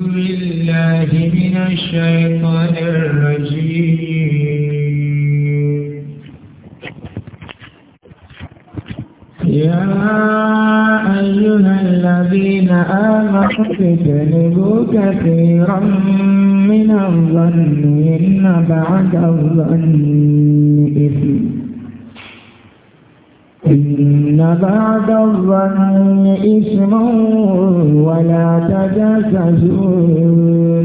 بالله من الشيطان الرجيم يا أيها الذين آمنوا اجتنبوا كثيرا من الظن إن بعد الظن إثم إن بعد الظن إثم ولا تجسسوا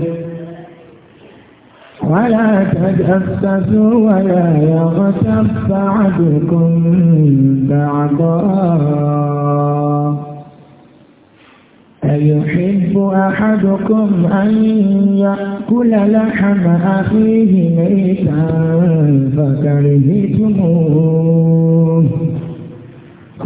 ولا تجسسوا ولا يغتب بعدكم بعضا أيحب أحدكم أن يأكل لحم أخيه ميتا فكرهتموه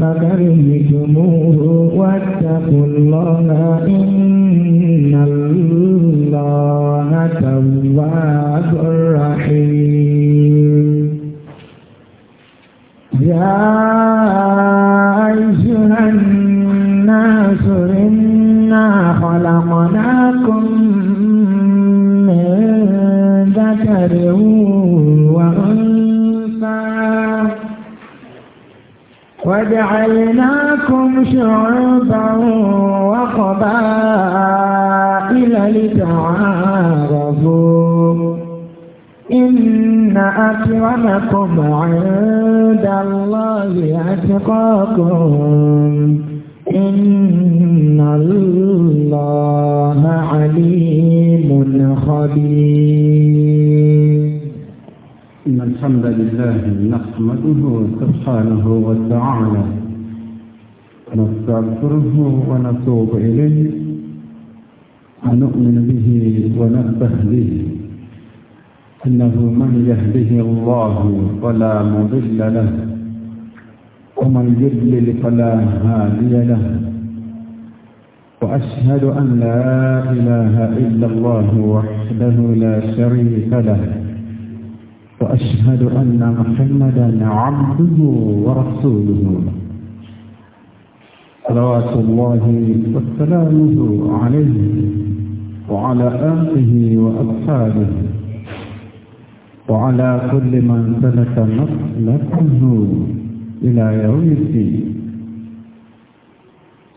فكرهتموه واتقوا الله إن الله تواب رحيم يا أيها الناس إنا خلقناكم وجعلناكم شعوبا وقبائل لتعارفوا إن أكرمكم عند الله أتقاكم إن الله عليم خبير إن الحمد لله نحمده سبحانه وتعالى نستغفره ونتوب إليه ونؤمن به به إنه من يهده الله فلا مضل له ومن يضلل فلا هادي له وأشهد أن لا إله إلا الله وحده لا شريك له وأشهد أن محمدا عبده ورسوله صلوات الله وسلامه عليه وعلى آله وأصحابه وعلى كل من سلك مسلكه إلى يوم الدين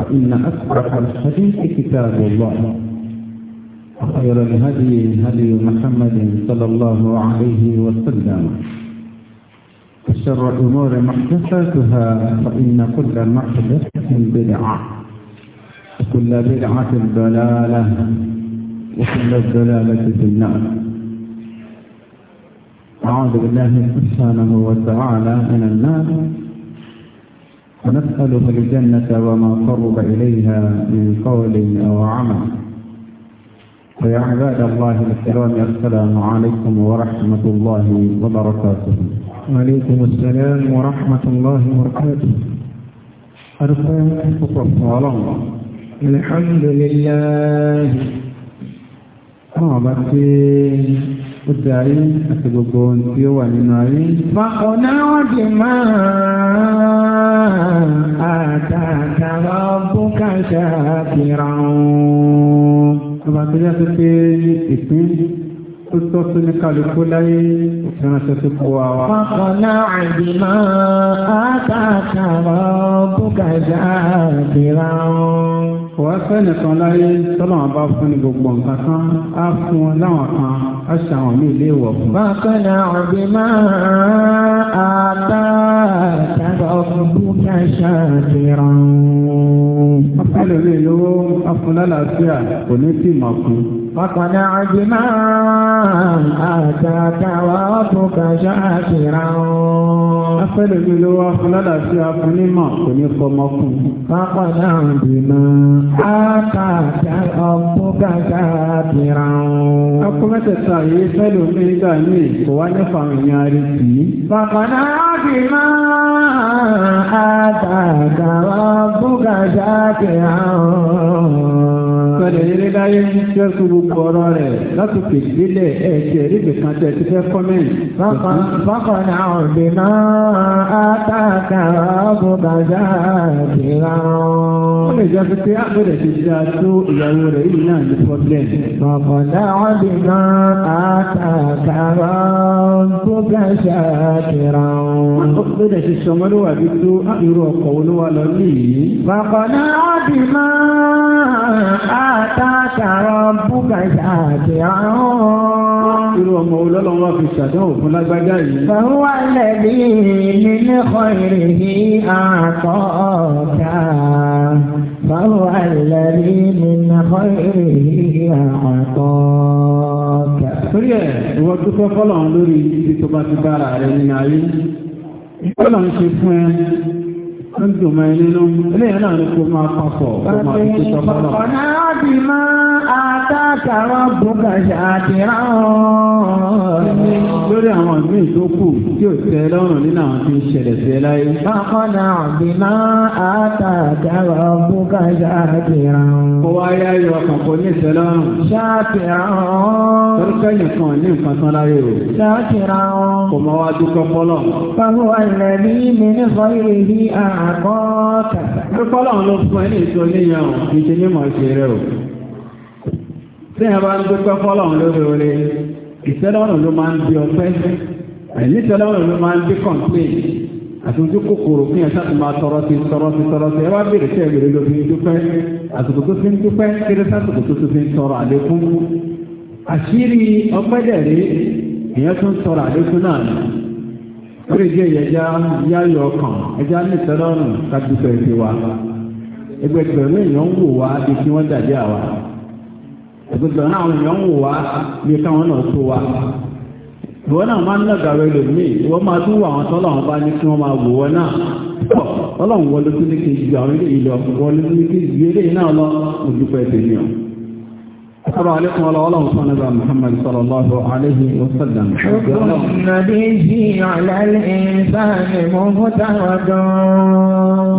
فإن أصبح الحديث كتاب الله وخير الهدي هدي محمد صلى الله عليه وسلم وشر الأمور محدثاتها فإن كل محدثة بدعة وكل بدعة ضلالة وكل الضلالة في النار أعوذ بالله سبحانه وتعالى من النار ونسأله الجنة وما قرب إليها من قول أو عمل فيا عباد الله الكرام السلام عليكم ورحمة الله وبركاته وعليكم السلام ورحمة الله وبركاته أرسل فقط الله الحمد لله رابطين ó ti ayé àti gbogbo ohun tí ó wà nínú ayé. Fàkùnà wọ́n ti máa àtàkàrà bùkà ṣàkìrà ọ̀hún. Ọba tó yá sí pé ìpín tó tọ́ sí ní kálukú láyé ìránṣẹ́ tó kó wa wá. Fàkùnà àdìmọ́ àtàkàrà bùkà ṣàkìrà ọ̀hún kò wá sẹ́ni kan láyé tọ́lọ́wọ́n bá fún ní gbogbo nǹkan kan á fún láwọn kan á ṣe àwọn míì lé wọ̀ fún. bákan náà ọ̀gbìn máa àbá tàbí ọ̀gbìn ká ṣàtìrán. afẹ́lẹ́ mi lówó afúnlálàáfíà kò ní tì mọ̀ fún. وقد عجم آتاك وربك شاكرا afẹ́lẹ̀ ló ló wá fún lálàáfí afúnímọ̀ kò ní fọmọkùn. pápádà àdìmọ̀ àtàtà ọ̀pọ̀gàgà àbìrà ọ̀hún. akọ́mẹ́tẹ̀ta yìí fẹ́lẹ̀ omi nígbà míì kò wá sọ̀rọ̀ eré láyé ń ṣẹ́kù gbogbo ọ̀rọ̀ rẹ̀ látòkè délẹ̀ ẹ̀jẹ̀ ríbi kan tẹ̀ ti fẹ́ kọ́mẹ́ǹtì. Fọ́kàn náà òbí náà àtàkà ọ̀bùn bàjá àdìrà. Ó lè jẹ́ pé àgbẹ̀rẹ̀ ti ṣe àtó ìyàwó rẹ̀ yìí náà ní pọ́blẹ̀mù. Fọ́kàn náà òbí náà àtàkà ọ̀bùn bàjá àdìrà. Àgbẹ̀rẹ̀ ti sọmọ́lú wà bí tó àìrò ọkọ̀ olówó lọ ní yìí. Fọ́kàn náà òbí náà àtàkàrọ̀ búkà ṣàdé àrùn. Irú ọmọ olólọ́wọ́ fi ṣàdánwò fún lágbájá yìí. Bàbá wà lẹ́bí nínú ẹ̀kọ́ ìrìhì àtọ̀ ọ̀gá. Bàbá wà lẹ́bí nínú ẹ̀kọ́ ìrìhì àtọ̀ ọ̀gá. Torí ẹ̀, ìwọ dúpẹ́ fọ́lọ̀ lórí ibi tó bá ti bára rẹ̀ nínú ayé. Fọ́lọ̀ ń ṣe fún ẹ ń dùn mọ́ ẹni nínú ilé náà ni kò máa papọ̀ kò máa fi tó sọ́kọ́ kàrọ̀ bùkà ṣàkìrà lórí àwọn míì tó kù tí ò tẹ́ lọ́rùn nínú àwọn tí ń ṣẹlẹ̀ sí láyé. bákanná àbínà àtàkàrọ̀ bùkà ṣàkìrà. ó wá yá yọ ọkàn kó ní ìtẹ́lọ́rùn. ṣàkìrà. torípé nìkan ní nǹkan tán láyé o. ṣàkìrà. kò mọ wá dúkọ́ fọlọ́. pàbó àlẹ́bí mi ní sọ́yìnrì bí àkọ́kà tí ẹ bá ń dúpẹ́ fọ́lọ́run lóore ìtẹ́lọ́rùn ló máa ń di ọpẹ́ àìnítẹ́lọ́rùn ló máa ń di complain àtúntò kòkòrò fún ẹ̀sán tó máa tọrọ sí tọrọ sí tọrọ sí ẹ wá bèrè sí ẹgbẹ̀rẹ̀ ló fi ń dúpẹ́ àsìkò tó fi ń dúpẹ́ kéré sásìkò tó fi ń tọrọ àlékún àṣírí ọpẹ́ dẹ̀rẹ́ èèyàn tó ń tọrọ àlékún náà lórí ìdí ẹ̀yẹ́já yáyọ̀ ọkàn ẹja nítẹ́lọ́rùn ká dúpẹ́ sí wa ẹgbẹ̀gbẹ̀rún èèyàn ń wò wá bí kí wọ́n dàbí àwa ìgbésọ̀ náà àwọn èèyàn ń wò wá bí káwọn náà tó wa ìwọ náà máa ń lọ́gàrọ ẹlòmíì ìwọ máa tún wà àwọn tọ́lọ́run bá ní kí wọ́n máa wò wọ́n náà pọ̀ ọlọ́run wọlé tún ní kejì àwọn ilé ìlọ wọlé tún ní kejì ilé náà lọ òdúpẹ́ tèmi ọ̀ السلام عليكم وعلى الله وصحبه محمد صلى الله عليه وسلم حكم النبي على الإنسان مهتد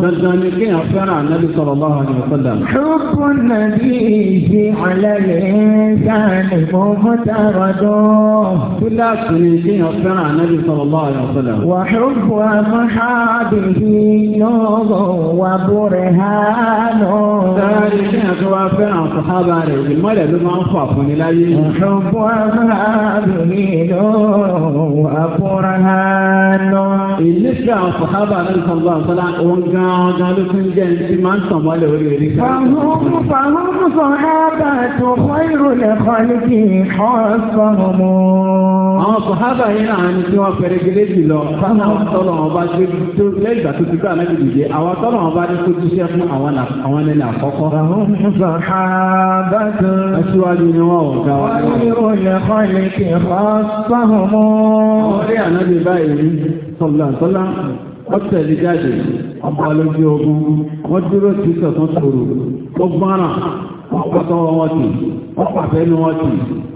بالذنبين أفعل عن النبي صلى الله عليه وسلم حكم النبي على الإنسان مهتد كل أسنين أفعل عن النبي صلى الله عليه وسلم وحب محابه نوض وبرهان ذلك أفعل عن صحابه عليه وسلم máa ń fà fún ni láyé. Ṣùgbọ́n àbáàdùnmí ló àkúrà lọ. Ìnífẹ̀ àwọn sọ̀hábà yìí náà ni tí wọ́n fẹ́rẹ́ gẹ́lẹ́ jù lọ. Fáwọn tọ́lọ̀ ọba gbé tó lẹ́gbà tó ti gbà náà dìde. Àwọn tọ́lọ̀ ọba ní kó jíṣẹ́ fún àwọn ẹni àkọ́kọ́ aṣíwájú ni wọ́n ọ̀gá wa. Wọ́n ní olè kan lè kí n fa sáhùn mọ́. Orí ànábì báyìí sọ̀làsọ́lá wọ́n tẹ̀lé jáde ọba lójú ogun wọ́n dúró sí sọ̀tún sòrò ó gbọ́nà wọ́n pàtọ́wọ́ wọn tì wọ́n pàfẹ́nu wọn tì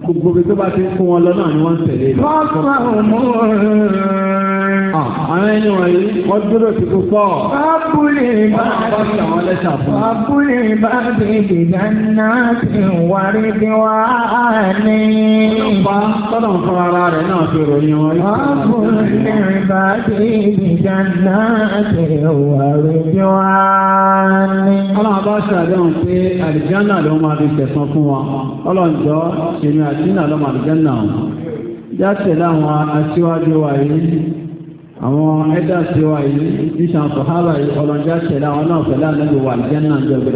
Gbogbo bí tó bá ti fún wọn lọ náà ni wọ́n tẹ̀lé lọ. Ah, àwọn ẹni wọ̀nyí, wọ́n dúró ti kú pọ̀. Fábúlì bá bí ìdìdá náà ti wárí bí wá ní. Ọlọ́pàá tọ́nà fún ara rẹ̀ náà ti ròyìn wọn. Fábúlì bá ìdìdá náà ti wárí bí wá ní. Ọlọ́pàá ṣàdéhùn pé àlìjánà ló máa fi tẹ̀sán fún wọn. Ọlọ́njọ́ ṣe ní àjọ àdínà lọ́mọ àlùjànnà ọ̀hún jáde láwọn aṣíwájú wa yìí àwọn ẹ̀dá sí wa yìí níṣàn sọ̀hábà yìí ọlọ́jà tẹ̀lé àwọn náà pẹ̀lú àlejò wa àlùjànnà jẹ́ fẹ́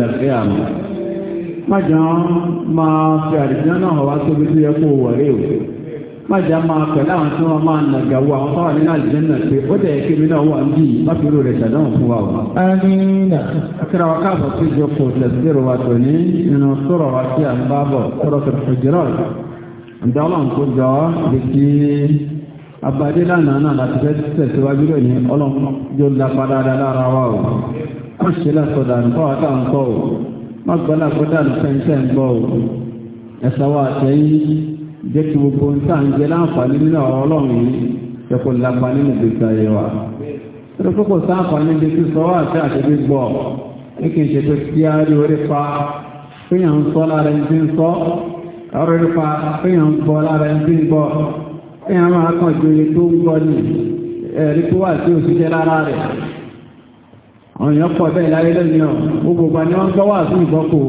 májà máa pẹ̀lú àwọn tí wọ́n máa nàgà wo àwọn tó wà nínú àlùjànnà pé ó dẹ̀ kí mi náà wà ń bí má fi rò rẹ̀ ṣàdáhùn fún wa o. amiina. akẹ́rọ wa káàbọ̀ sí ìjókòó tẹ̀síìrì wa tò ní nínú sọ̀rọ̀ wa tí a ń bá bọ̀ sọ̀rọ̀ tó fi jìrọ̀ ǹjẹ́ ọlọ́run kó jọ lè kí abadé lánàá náà láti fẹ́ tẹ̀síwájú lónìí ọlọ́run yóò lápá dáadáa jẹ́ kí gbogbo ń tà ń jẹ láǹfààní nínú ọ̀rọ̀ ọlọ́run yìí jẹ́ lápá nínú ìgbésí ayé wa. Ṣé sáǹfààní ti sọ àti àṣẹbí gbọ́ ṣe pé kí á rí orí pa fíyàn ń sọ lára ẹni tí ń sọ pa ń lára ẹni tí ń máa kàn ju iye tó ń gbọ́ ẹ̀rí tó wà sí òṣìṣẹ́ rẹ̀. Ọ̀yàn pọ̀ bẹ́ẹ̀ láyé lẹ́yìn ọ̀ gbogbo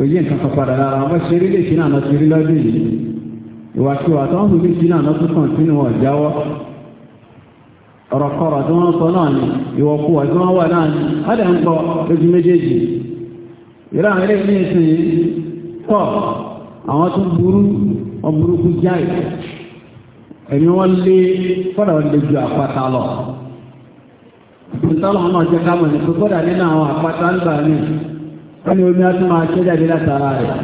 òye nǹkan kan padà lára ọmọ ṣe rí lè náà lọ́sí rí lọ́dún yìí ìwàkiwà tó ń hù ní ṣe náà lọ́sùn kan sínú ọ̀jáwọ́ ọ̀rọ̀kọ̀rọ̀ tí wọ́n sọ náà ni ìwọ̀kuwà tí wọ́n wà náà ni a lè ń gbọ́ méjèèjì àwọn eléyìí ní ìsìn pọ̀ àwọn tó burú jáì ẹ̀mí wọ́n lé fọ́dà lè ju àpáta lọ wọ́n ni omi á tún máa ṣẹ́ jáde látara rẹ̀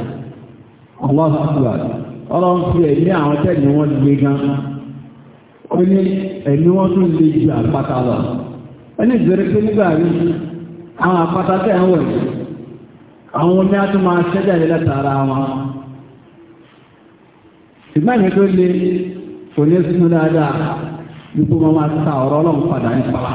Allahu Akbar ọlọ́run fi ẹ̀mí àwọn tẹ́ẹ̀mí wọn gbé gan ó ní ẹ̀mí wọn tún lè ju àpáta lọ wọ́n ní ìbẹ̀rẹ̀ pé nígbà rí àwọn àpáta tẹ́ ń wọ̀ yìí àwọn omi á tún máa ṣẹ́ jáde látara wọn ṣùgbọ́n ìyẹn tó le kò ní sínú dáadáa gbogbo máa ta ọ̀rọ̀ ọlọ́run padà nípa wa.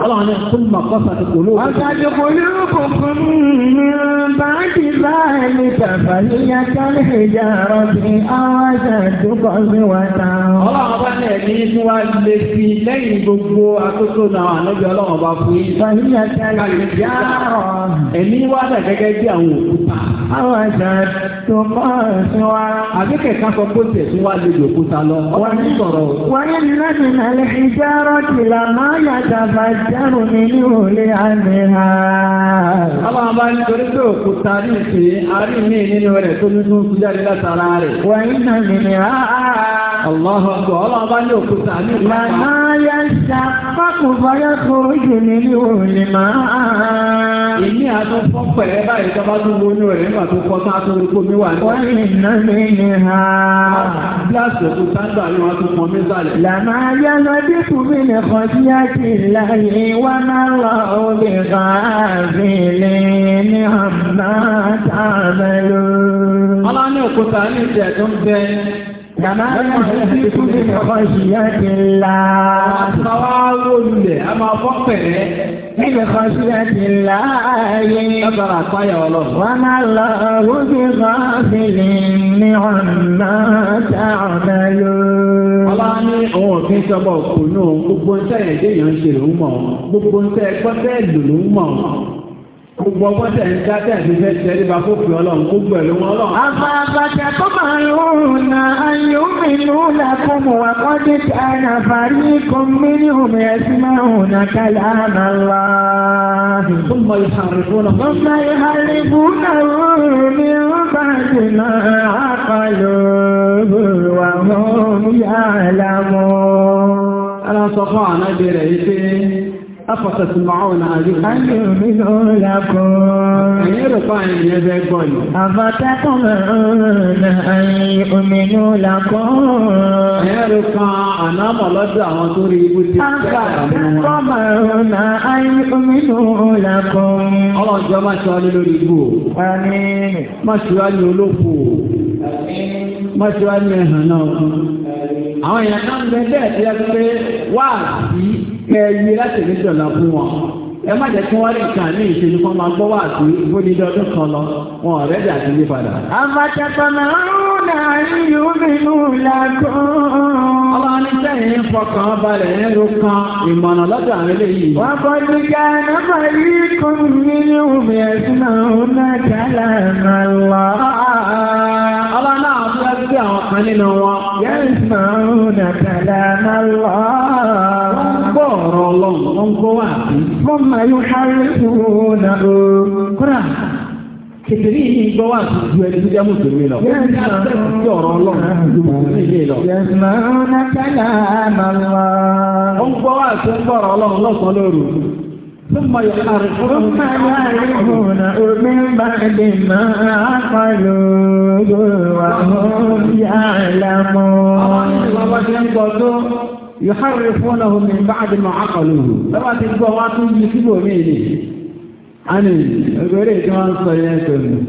Ọlọ́run ní súnmọ̀ kọ́sà ti kòló. Ọ̀sàdì kòló kòkòrò ní báńkì báyìí tàbà níyà kálí ìjà rọ̀bì áwájà dúkọ̀ sí wàtà. Ọlọ́run bá ní ẹ̀mí tí wá lè fi lẹ́yìn gbogbo àkókò náà ànábì ọlọ́run bá fún yín àdánù mi ní òlé àmì ha. Àwọn àbá ń torí pé òkúta ní ìpè àárí mi nínú rẹ̀ tó ní tó ń fi jáde látara rẹ̀. Wà iná mi ni a. Allahu akbar, ọlọ́run àbá ní òkúta ní ìpè. Màmá yá ṣá pápù bọ́yá kó jù mí ní òlé máa. Èmi àti fọ́ pẹ̀lẹ́ báyìí tó wọnú rẹ̀ nígbà tó kọ́ sáà tó ní kó mi wà ní. Wà iná mi ni a. Gíláàsì òkúta ń gbà ní wọn tó pọn mí sálẹ̀. Làmá yá lọ dínkù لي وما الله بغافل عما تعملون الله أنا كنت أنا Kàmá ní ìfúnni ọ̀ṣìyẹ́ ti la. Àwọn aṣọ wa wò lulẹ̀, a máa fọ́ pẹ̀lẹ́. Níbi kan sílẹ̀ ti láàyè. Lọ́bàrà àpáyà ọlọ́run. Wọ́n máa lọ ojú kan sílẹ̀ ní ọ̀nà táwọn ẹlò. Ọlọ́run ní òun òfin sọ́bọ̀ òkú náà gbogbo ń tẹ̀yẹ̀ dé èèyàn ń ṣe lòún mọ̀. Gbogbo ń tẹ̀ gbọ́tẹ̀ lòún mọ̀. Gbogbo ọgbọ́n tẹ̀ ń dá tẹ̀ ní fẹ́ tẹ̀ ní bá kó fi ọlọ́run gbogbo ẹ̀ ló wọn lọ. Àfàbàtà tó máa ń rún na ayé omi nù lákún mu wà kọ́ dé tí ní omi ẹ̀sìn máa ń rún na àmà lọ. Tó mọ ìhàrìbó náà. Tó mọ ìhàrìbó náà rún mi ń bá dì àkọlù wà mọ́ yàrá mọ́. Aláṣọ fún àná bẹ̀rẹ̀ yìí pé أفتسمعون عليهم أن يؤمنوا لكم أن يرفع يدكم أفتطمعون أن يؤمنوا لكم أن يرفع أنا ملد عطوري بدي أفتطمعون أن يؤمنوا لكم الله جمع شوالي لريبو آمين ما شوالي لفو ما شوالي هنا àwọn èèyàn kan bẹ bẹ́ẹ̀ tí a ti pé wáàsí kẹ yí láti ní dọ̀là fún wọn ẹ má jẹ́ kí wọ́n rí nǹkan ní ìṣèlú kan máa gbọ́ wá sí bóni dọ́dún kan lọ wọn ọ̀rẹ́ dà sí ní padà. àbàtàkọ̀nà ọ̀nà ìlú nínú làkàn. ọba ní sẹ́yìn fọkàn balẹ̀ nínú kan ìmọ̀nà lọ́dọ̀ àwọn eléyìí. wọ́n kọ́ ní gánà pẹ̀lú ikùn nínú omi ẹ̀sìn náà ó náà kálá náà lọ. náà fẹ́ gbọ́ ọ̀rọ̀ ọlọ́run wọ́n gbọ́ wà sí. wọ́n máa yóò sáré kúrò náà o. kúrà kìtìrí yìí gbọ́ wà sí ju ẹni tó jẹ́ mùsùlùmí lọ. yẹ́n máa ń tẹ̀sí ọ̀rọ̀ ọlọ́run ju mùsùlùmí lọ. yẹ́n máa ń يحرفونه من بعد ما عقلوه لما تبقى واتون يسيبوا ميني أنا أقولي كمان صياتهم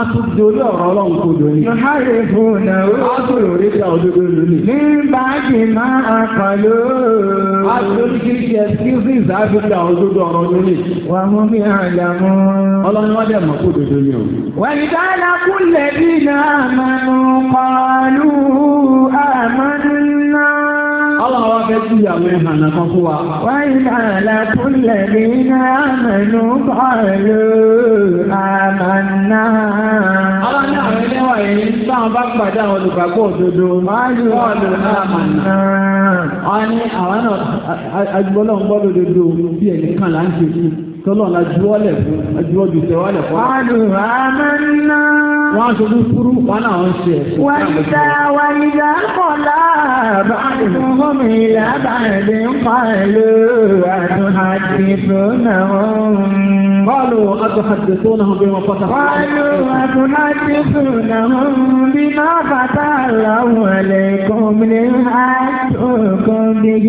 Àtúndò ní ọ̀rọ̀ ọlọ́run kò dò ní. Lọ́háre fún ẹ̀rọ. Àtúndò orí ìjà òdòdó lónìí. Ní báàgì máa àpàlò. ọ̀rọ̀ lónìí. Wà mú bí àjàmú. Ọlọ́run wá dẹ̀ mọ̀ kó fẹ́ kí àwọn ìhànà kan fún wa. Wáyé àlàkúnlẹ̀ ní àmàlú pààlú àmàlá. Ọlá ní àwọn ẹlẹ́wà yìí táwọn bá pàdé àwọn olùgbàgbọ́ òdodo. Wáyé pààlú Wọ́n ní àwọn náà tọ́lọ́nà juwọ́lẹ̀ fún juwọ́jú tẹwàlẹ̀ fún. ọdún àmàlà. wọ́n aṣọ ní fúrú wọn náà ń ṣe. wàyídá wàyídá kọlá bàdùn gómi lábàdì ń pàlọ́ àdùn àti ìfúnná ọ̀hún. قالوا أتحدثونهم بما فتح قالوا أتحدثونهم بما فتح الله عليكم ليحاجوكم به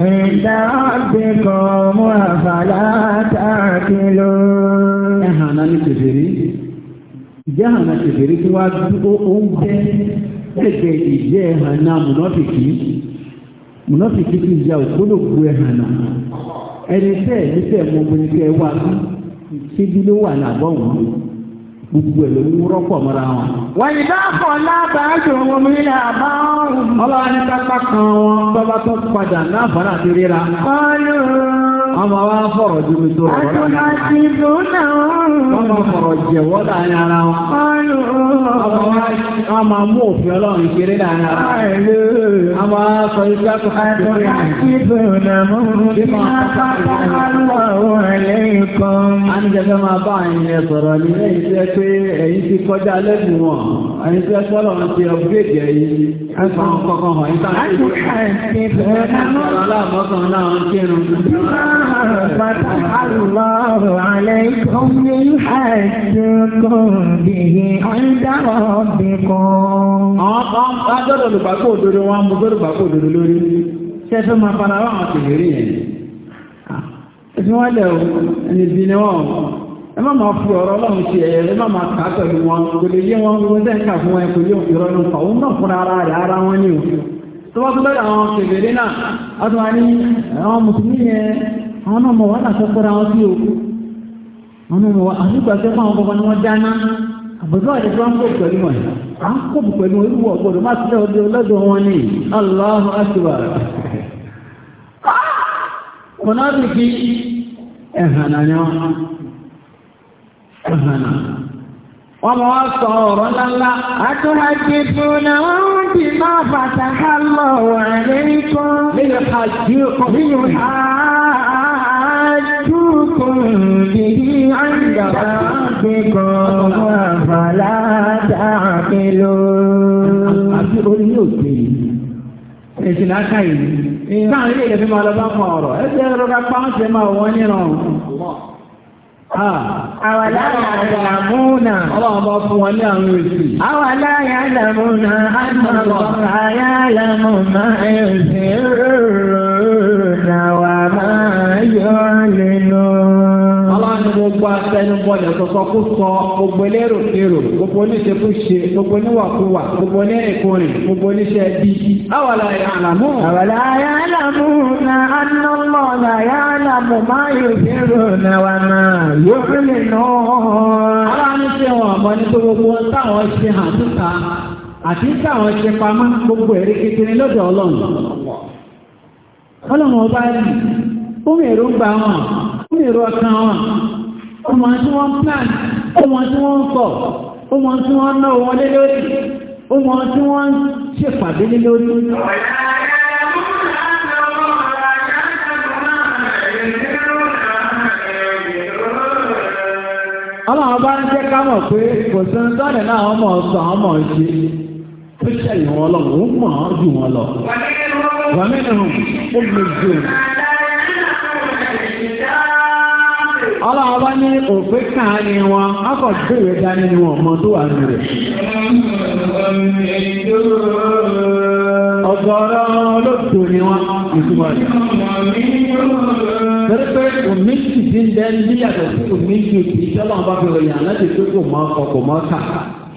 عند ربكم أفلا تعقلون إهانة لكفري جهنة كفري توادئوا أمتي ẹgbẹ́ ìjẹ́ ẹ̀hànà mùnọ́fìkì mùnọ́fìkì ti ya òkúlòkú ẹ̀hànà ẹni tẹ́ ẹni tẹ́ mo mo ní kẹ́ ló wà gbogbo ẹ̀ ló ń rọ́pọ̀ mọ́ra wọn. wọ́n yìí ọ̀pọ̀ lábàájò wọn mi ní àbá ọ̀hún. ọlọ́run ní ọmọ wa fọ̀rọ̀ ju mi tó rọ̀ lọ́nà. ọmọ fọ̀rọ̀ jẹ̀wọ́ láàrin ara wọn. ọmọ mú òfin ọlọ́run kéré láàrin ara wọn. ọmọ sọ ibi àtúntò kéré láàrin ara wọn. ìbùnà mú bí máa bá àwọn ẹlẹ́yìn kan. a ní jẹ́fẹ́ máa bá àyìn ẹ̀ sọ̀rọ̀ ní ẹ̀yìn tí ẹ pé ẹ̀yìn ti kọjá lẹ́bùn wọn. ẹ̀yìn tí ẹ sọ́lọ̀ ti ọ̀gbẹ́gẹ̀ ẹ̀yìn. ẹ sọ kọ̀ọ̀kan hàn yín sáà. فتح الله عليكم من حجكم به عند ربكم Adọ́dọ̀ lùgbàgbọ́ òdodo máa fara wá àwọn tèèrè yẹn? Ẹ̀fẹ́ wọ́n lẹ̀ ẹni bí ni Ẹ má máa fi ọ̀rọ̀ ọlọ́run ṣe ẹ̀yẹ, ẹ má máa kà á wọn. Kò lè yé wọn gbogbo dẹ́ǹkà fún ẹ kò yé òkúrọ́ ló ń fa. Òun náà fúnra ara rẹ̀ ara wọn ni òkú. Tó tó bẹ̀rẹ̀ àwọn kèbèrè náà, ọdún wa ní àwọn mùsùlùmí yẹn àwọn náà mọ̀ wọ́n àṣọ kóra wọn sí o àwọn náà mọ̀ wọ́n àṣùgbàṣẹ́ fún àwọn kọ̀ọ̀kan ni wọ́n dáná àbùdó àti tó ń kó pẹ̀lú wọn à ń kó pẹ̀lú wọn ìwọ̀ gbọ́dọ̀ má ti tẹ̀wọ́ lọ́dọ̀ wọn ni Allahu akbar kọ̀nàbìkì ẹ̀hànà ni wọ́n ẹ̀hànà wọ́n mọ̀ wọ́n sọ ọ̀rọ̀ ńláńlá àtúnhàjì fún àwọn bí máa fàtàkà lọ́wọ́ rẹ̀ nìkan nínú àjẹ́ ọkọ̀ nínú àá أخرجوكم به عند ربكم fún ọ̀rọ̀. Ẹgbẹ́ ẹ̀rọ ká pàáṣẹ máa wọ́n níran. fún wọn ní àwọn èsì. abẹnú bọlẹ̀ sọ̀sọ̀ kó sọ gbogbo elérò kérò gbogbo oníṣekúṣe gbogbo oníwàkúwà gbogbo onírìnkùnrin gbogbo oníṣẹ́ ẹbí. awàlá yàlámù. awàlá yàlámù na anamọ na yàlámù máa yóò kérò na wà náà yóò fi lè nà ọ́. aláàánú ṣe wọn àmọ́ ní gbogbo táwọn ṣe hàn síta àti táwọn ṣe pamọ́ gbogbo èrè kékeré lọ́dọ̀ ọlọ́run. ọlọ́run ọba rí fún èròǹgbà wọn fún èrò ọkàn ọmọ tí wọ́n plan ọmọ tí wọ́n kọ̀ ọmọ tí wọ́n ná wọn lé lórí ọmọ tí wọ́n ṣèpàdé lé lórí. ọmọ ọba ń jẹ́ ká mọ̀ pé kò sí ń tọ́lẹ̀ náà ọmọ ọ̀sán ọmọ ìṣe tó ṣẹ̀yìn wọn lọ òun mọ̀ ọ́ jù wọn lọ. wàmí ni ó gbé jù. ọlọ́wọ́ bá ní òfin kàn ní wọn ọkọ̀ gbèrè dání ni wọn mọ tó wà ní rẹ̀. ọ̀gọ̀rọ̀ olóòtú ni wọn ìtumọ̀ rẹ̀. torí pé òmíjì ti ń bẹ́ ní yàtọ̀ sí òmíjì tí ìjọba bá fi ròyìn láti pé kò mọ ọkọ̀ kò ká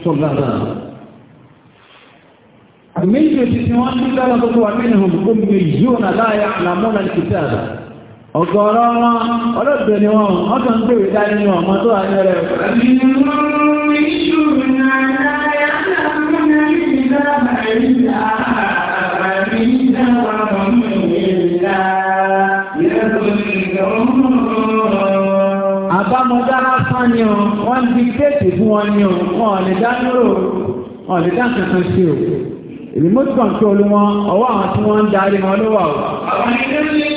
sọ́gbà náà. ti ti wọ́n ní dára tó wà nínú òmíjì yóò ọ̀gọ̀rọ̀ wọn ọlọ́dọ̀ ni wọn wọ́n kàn ń pè wé dání ní ọmọ tó wà ní ẹrẹ àbámọ́dá lásán ni ọ wọ́n ti kéèkì fún wọn ni ọ wọn lè dá lóró wọn lè dá kankan sí o remote control wọn ọwọ́ àwọn tí wọ́n ń darí wọn ló wà o. àwọn ilé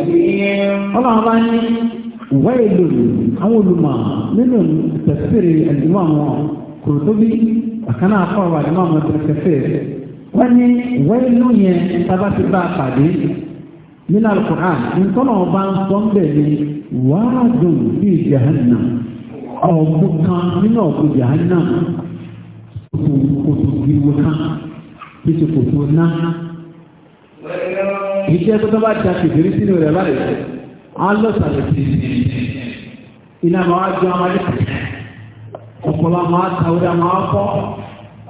ọlọ́run bá ní àwọn olùmọ̀ nínú tẹ̀síìrì ẹ̀dùnmọ̀ àwọn kòròtóbi àkànnà àfọwọ́ ẹ̀dùnmọ̀ àwọn tẹ̀síìrì wọ́n ní wáyé ló yẹn tábà ti bá a pàdé nínú alukur'an nítorí ọba ń sọ ń bẹ̀ ní wàá dùn kan nínú kòtò kòtò kan kòtò iṣẹ́ tó bá já kìfìrí sínú rẹ̀ láì alọ́sàlẹ̀ sí iná máa jọ amáyé ọ̀pọ̀lá máa tàúdá máa kọ́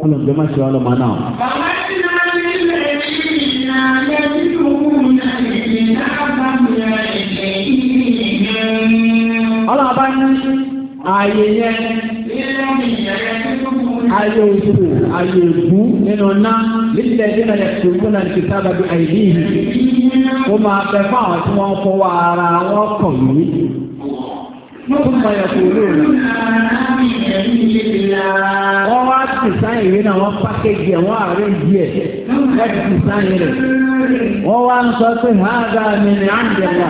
ọlọ́gbẹ́ máa ṣe wá lọ́mọ náà. bàbá tí wọ́n ní ilẹ̀ náà ayé òkú ayé òkú nínú ná lílẹ̀ nínú ẹ̀sùn fún náà ti sábà bí àìdí yìí ó máa fẹ́ fún àwọn tí wọ́n fọwọ́ ara wọn kàn yìí fún mayọ̀kù olóòrùn. wọ́n wá sì sáyìn ìwé náà wọ́n pákéjì ẹ̀ wọ́n àárẹ̀ díẹ̀ wọ́n ti sì sáyìn rẹ̀. wọ́n wá ń sọ pé hàgà mi ni à ń jẹ̀wà.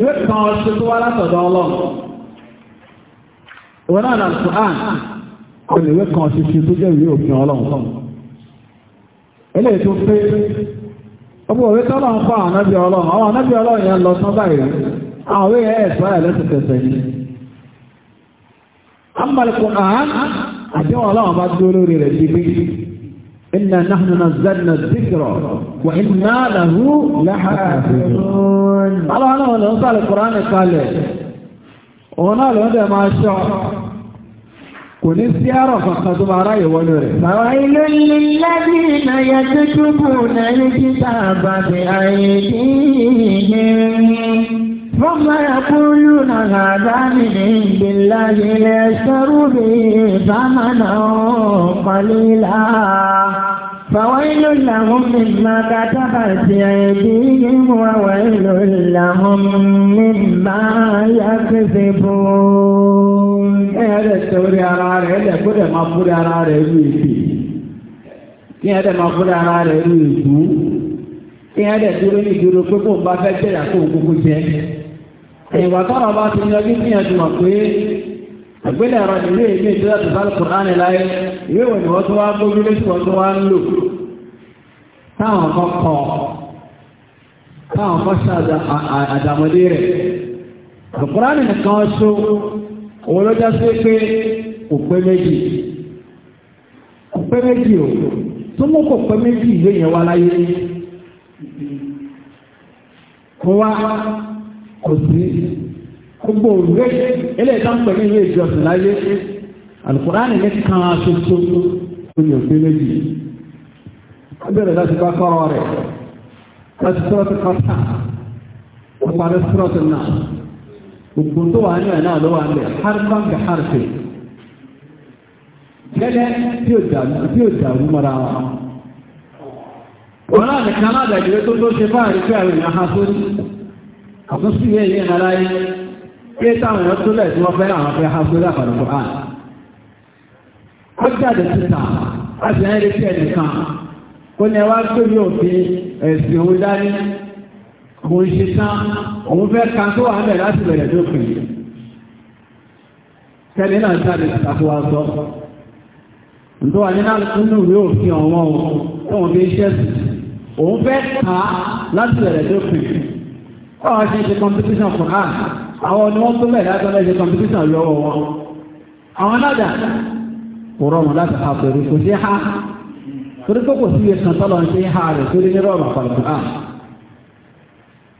ìwé kan ọṣù tó wá látọ̀dọ̀ ọlọ́run ìwọ̀n náà lọ́sù án kò lè ìwé kan ọṣù tó jẹ́ ìwé òfin ọlọ́run ilé tó pé ọgbọ̀ òwe fọ́ àwọn anábì ọlọ́run إنا نحن نزلنا الذكر وإنا له لحافظون الله أنا ولا نصال القرآن قال هنا لنا ما الشعر كن السيارة فقد ما رأي فويل للذين يكتبون الكتاب بأيديهم وما يقولون هذا من عند الله ليشتروا به ثمنا قليلا فويل لهم مما كتبت أيديهم وويل لهم مما يكسبون ẹ̀rẹ́ tẹ orí ara rẹ̀ ẹ̀lẹ̀ kó dẹ̀ máa fúrí ara rẹ̀ rú ìpè kí ẹ̀ dẹ̀ máa fúrí ara rẹ̀ rú ìgbú kí ẹ̀ dúró ní ìdúró pé kó bá fẹ́ jẹ́yà kó kúkú jẹ́ ìwà tọ́rọ bá ti ní ọdún ní ẹjùmọ̀ pé àgbélẹ̀ ẹ̀rọ ìwé ìgbé ìjọba ti bá lùkùn láàrin láyé ìwé ìwọ̀n ìwọ́n tó wá gbójú lé ṣùgbọ́n tó wá ń lò táwọn kan kọ̀ táwọn kan ṣe àdàmọ́dé rẹ̀ àkùránì o tó mú kò sí gbogbo òwe eléyìí pẹ̀lú ilé ìjọsìn láyé alukùránì ní kan aṣoṣo tó ní òfin méjì ó bẹ̀rẹ̀ láti bá kọ́rọ̀ rẹ̀ láti sọ́ọ̀tì kọ́tà ó parí sọ́ọ̀tì náà gbogbo tó wà ní ẹ̀ náà ló wà ń bẹ̀ harfan bi harfi gẹ́gẹ́ tí ó dàrú mara wọn. wọn náà nìkan náà dàgbére tó tó ṣe fáàrí pé àwọn èèyàn ha sórí àtún sí ilé yìí nara yìí pé táwọn èèyàn tó lẹ́ẹ̀tí wọ́n fẹ́ àwọn fẹ́ ha sórí àpàdùkù àn ó jáde síta láti ẹni retí ẹnìkan ó ní ẹwà tó yóò fi ẹ̀sìn òun dání òun ṣe tán òun fẹ́ kan tó wà ń láti bẹ̀rẹ̀ tó pè é kẹ́lẹ́ náà jáde síta tó wá sọ ǹtọ́ wà nínú àlùkùnú yóò ọ̀wọ́n òun tó wọ́n fi ṣẹ́sì òun fẹ́ kà láti bẹ̀rẹ̀ tó pè é Báwọn ṣe ń ṣe competition fún hàn, àwọn ni wọ́n tó bẹ̀rẹ̀ látọ́lẹ̀ ṣe competition lọ́wọ́ wọn. Àwọn aládà kò rọrùn láti àpẹẹrẹ kò ṣe há. Torí pé kò sí ẹ̀sán tọ́lọ̀ ń ṣe há rẹ̀ torí ní rọrùn pàlùkù hàn.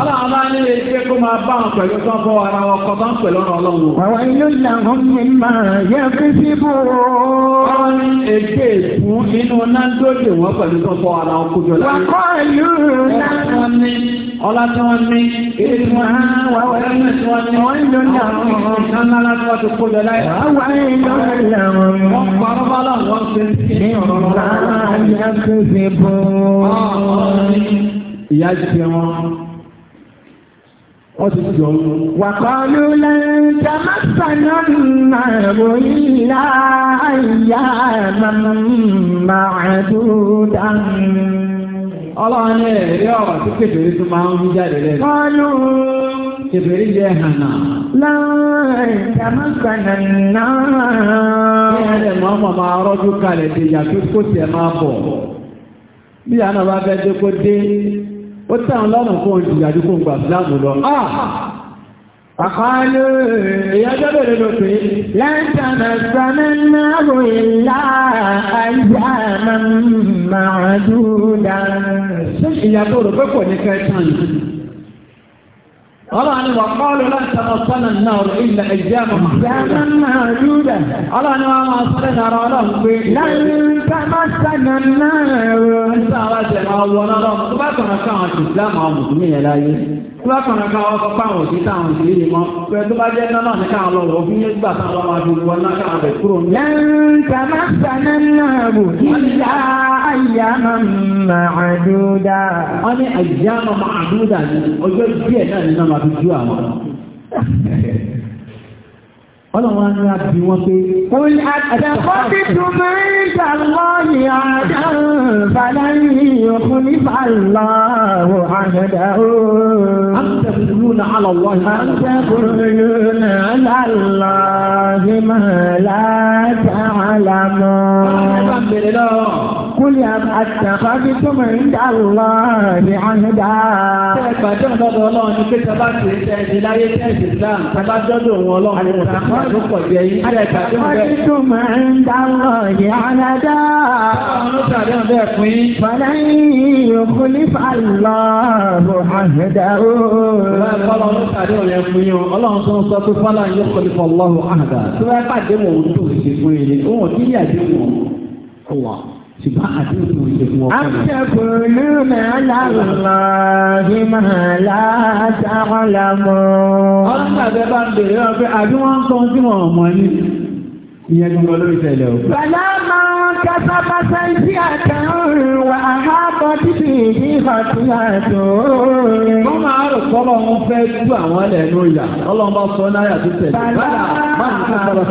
Ọlọ́run bá nílé iṣẹ́ kó máa bá wọn pẹ̀lú tán fọ́ ara wọn kọ tán pẹ̀lú ọ̀nà ọlọ́run. Àwọn ilé ìlànà mi máa yẹ kí síbò. Wọ́n ní èké ìfún inú Nándóde wọ́n pẹ̀lú tán fọ́ ara wọn kójọ láyé. Wọ́n kọ́ ìlú náà ní ọlá tí wọ́n ní èyí tí wà wọ́n ìyá jẹ wọn wọ́n ti jọ wọn. wàkọ́lù lẹ́ńdà mọ́sánà màrò ìlà àyà màdúdà. ọlọ́run ẹ̀rí ọ̀rọ̀ tí kébèrè tó máa ń rí jáde lẹ́nu. kọ́lù. kébèrè yẹ hànà. lẹ́ńdà mọ́sánà náà. bí ẹ̀rẹ̀ mọ́ mọ́ máa rọ́jú kalẹ̀ dèjà tó kó tiẹ̀ máa bọ̀. bí àná bá fẹ́ dé kó dé ó tàn lọ́nà fún òjìyà dúkò gbà síláàmù lọ ah! ah! Àkọọ́lù ìyájọ́ bèèrè lópin. Lẹ́ntàmà sọ́nà náà ìlà àyà máa dúdà. Ṣé rò pé ní kẹta yìí? ọlọ́ni wà kọ́ọ̀lù láti ọ̀sán náà ilẹ̀ ẹ̀jẹ̀ àmọ́. yàrá náà lúdà. ọlọ́ni wà máa sọ́dẹ̀ náà ọlọ́run pé. láyé mọ́sánà náà. ẹ̀sán àwọn àti ẹ̀ma wọ náà lọ́wọ́ tó bá kàn án káwọn àti ìsìlámù àwọn mùsùlùmí yẹn láyé. Lákọ̀ọ́nà káwọn sọ páwọn òsì táwọn òsì lè mọ́, pẹ̀lú tó bá jẹ́ náà ní káwọn lọ rọ̀ fún yé táwọn máa fi wọ náà káwọn bẹ̀ kúrò ní. Lẹ́ńtà máa sànà náà bò ìyá àyàmà màdúdà. Wọ́n ní àyàmà màdúdà ní ọjọ́ díẹ̀ náà ní náà máa fi jú àwọn ọlọ́run á ní àbí wọn pé. òun àtẹ̀kọ́ ti túnbọ̀ ń tà lọ́ọ̀yì àdáhùn òkú ní fàlà àwọn ẹ̀ka ń lè àtàfàbí tó mọ̀ ń dà lọ ní àyídá. Ẹgbàjọ́ ìbọ̀dọ̀ ọlọ́run ni pé tọba ti ń tẹ́ ẹ̀dì láyé tẹ́ ẹ̀dì dáhùn tọba jọ́dọ̀ òun ọlọ́run ni mo ti máa mọ̀ ń dà lọ ní àyídá. Àwọn ọlọ́sàdé ọ̀bẹ̀ ní fàlọ́ bò àyídá ṣùgbọ́n àdéhùn ìṣègùn ọ̀pọ̀ rẹ̀. àtẹ̀kùnlú mẹ́láàlọ́ọ̀dì mẹ́láàtàkọ́lámọ́. ọ̀rọ̀ ìgbàgbẹ́ bá ń bèèrè ọ̀pẹ́ àdúwọ̀n kan tí wọ́n mọ̀ ní ìyẹn gbogbo lórí tẹ̀lẹ̀ o. bàlá máa ń kásábá sẹ́ńtì àtẹ̀hùn wà á bọ́ títí ìdí ìfàtúnyàtò. wọ́n máa rò kọ́lọ́ ń fẹ́ tú àwọn ẹlẹ́nu ìyà ọlọ́run bá sọ náírà tó tẹ̀lé. bàlá máa ń kásábá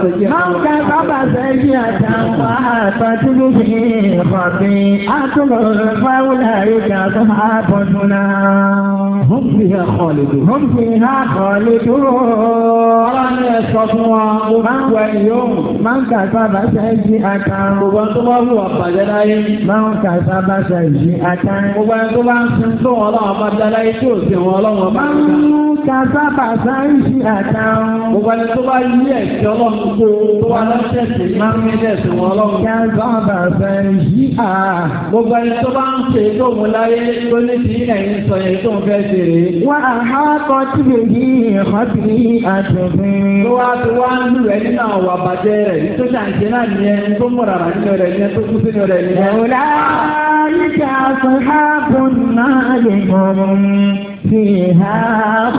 فتبه خطيئتهم فأولئك أصحاب النار هم فيها خالدون هم فيها خالدون من كسب سيئة من كسب سيئة من كسب سيئة máa ń mílẹ̀ sí wọn lọ́wọ́. Kẹ́ńtà bàbá yìí à. Gbogbo ẹni tó bá ń ṣe tó mú láyé tó ní ẹ̀yìn sọ tó ń fẹ́ ṣe rèé. Wọ́n á kọ́ tí yí ẹ̀kọ́ ti ní àtẹ̀fín. Tó wá ń lù rẹ̀ nínú àwọn àbàjẹ́ rẹ̀ yìí tó ṣàǹṣe náà nìyẹn tó múra nínú rẹ̀ nìyẹn tó kú sínú rẹ̀ nìyẹn. Ẹ̀wọ̀n Fìhà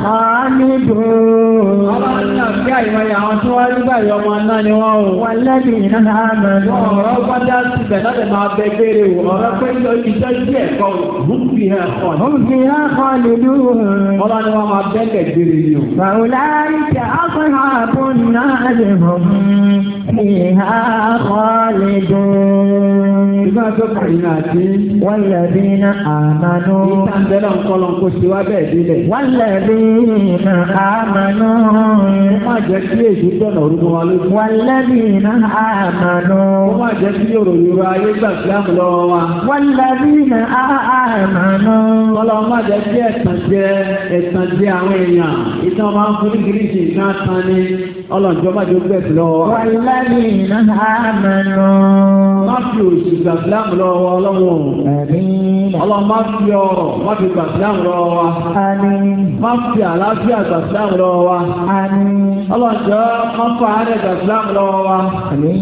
Khalidu. Ọlọ́run náà kí àìmọye àwọn tí wọ́n rí báyìí ọmọ náà ni wọ́n o. Wọ́n lẹ́bi iná náà mẹ́rin. Wọ́n ọ̀rọ̀ gbọ́dá ti bẹ̀ láti máa bẹ gbére o. Ọ̀rọ̀ pé yọ iṣẹ́ sí ẹ̀kọ́ o. Hún fi hà kọ́. Hún fi hà kọ́ lèlú. Ọlọ́run ni wọ́n máa bẹ́ẹ̀kẹ̀ gbére ni o. Bàwùlá ìjà ọkọ̀ ààbò náà lè mọ̀ fìhà Khalidu. Ìgbà tó kàyìn àti. Wọ́n yẹ bẹ́ẹ̀ délẹ̀. wọ́n lẹ̀ bí iná àmàlú. má jẹ́ kí èyí gbọ́nà orúkọ wọn lójú. wọ́n lẹ̀ bí iná àmàlú. ó má jẹ́ kí òròyìnrò ayé gbà sí àmúlọ wa. wọ́n lẹ̀ bí iná àmàlú. kọ́lọ́ má jẹ́ kí ẹ̀tàn jẹ ẹ̀tàn jẹ àwọn èèyàn. ìtàn máa ń fún gírísì náà tán ni ọlọ́njọ́ má jẹ́ gbẹ̀sì lọ́wọ́. wọ́n lẹ̀ bí iná àmàlú. má fi òṣì gbà sí àmúlọ wa ọlọ́run. ẹ̀mí Àmín. Má fi àlàáfíà gba Ìsìlámù lọ́wọ́ wa. Àmín. Ọlọ́jọ́ má fọ àárẹ̀ gba Ìsìlámù lọ́wọ́ wa. Àmín.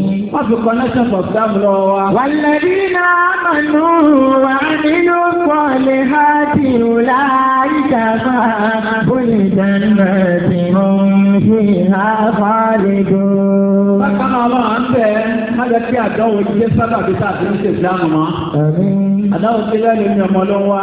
fi connection gba Ìsìlámù lọ́wọ́ wa. Walladhina amanu wa amilu salihati ulaika lahumul jannati hum fiha khalidun. Bákan náà lọ́wọ́ à ń bẹ̀ má jẹ́ kí àdánwò jẹ́ sábàbí tàbí ń ṣe ìdáhùn mọ́. Àmín. ti lẹ́nu ní ọmọ lọ́wọ́.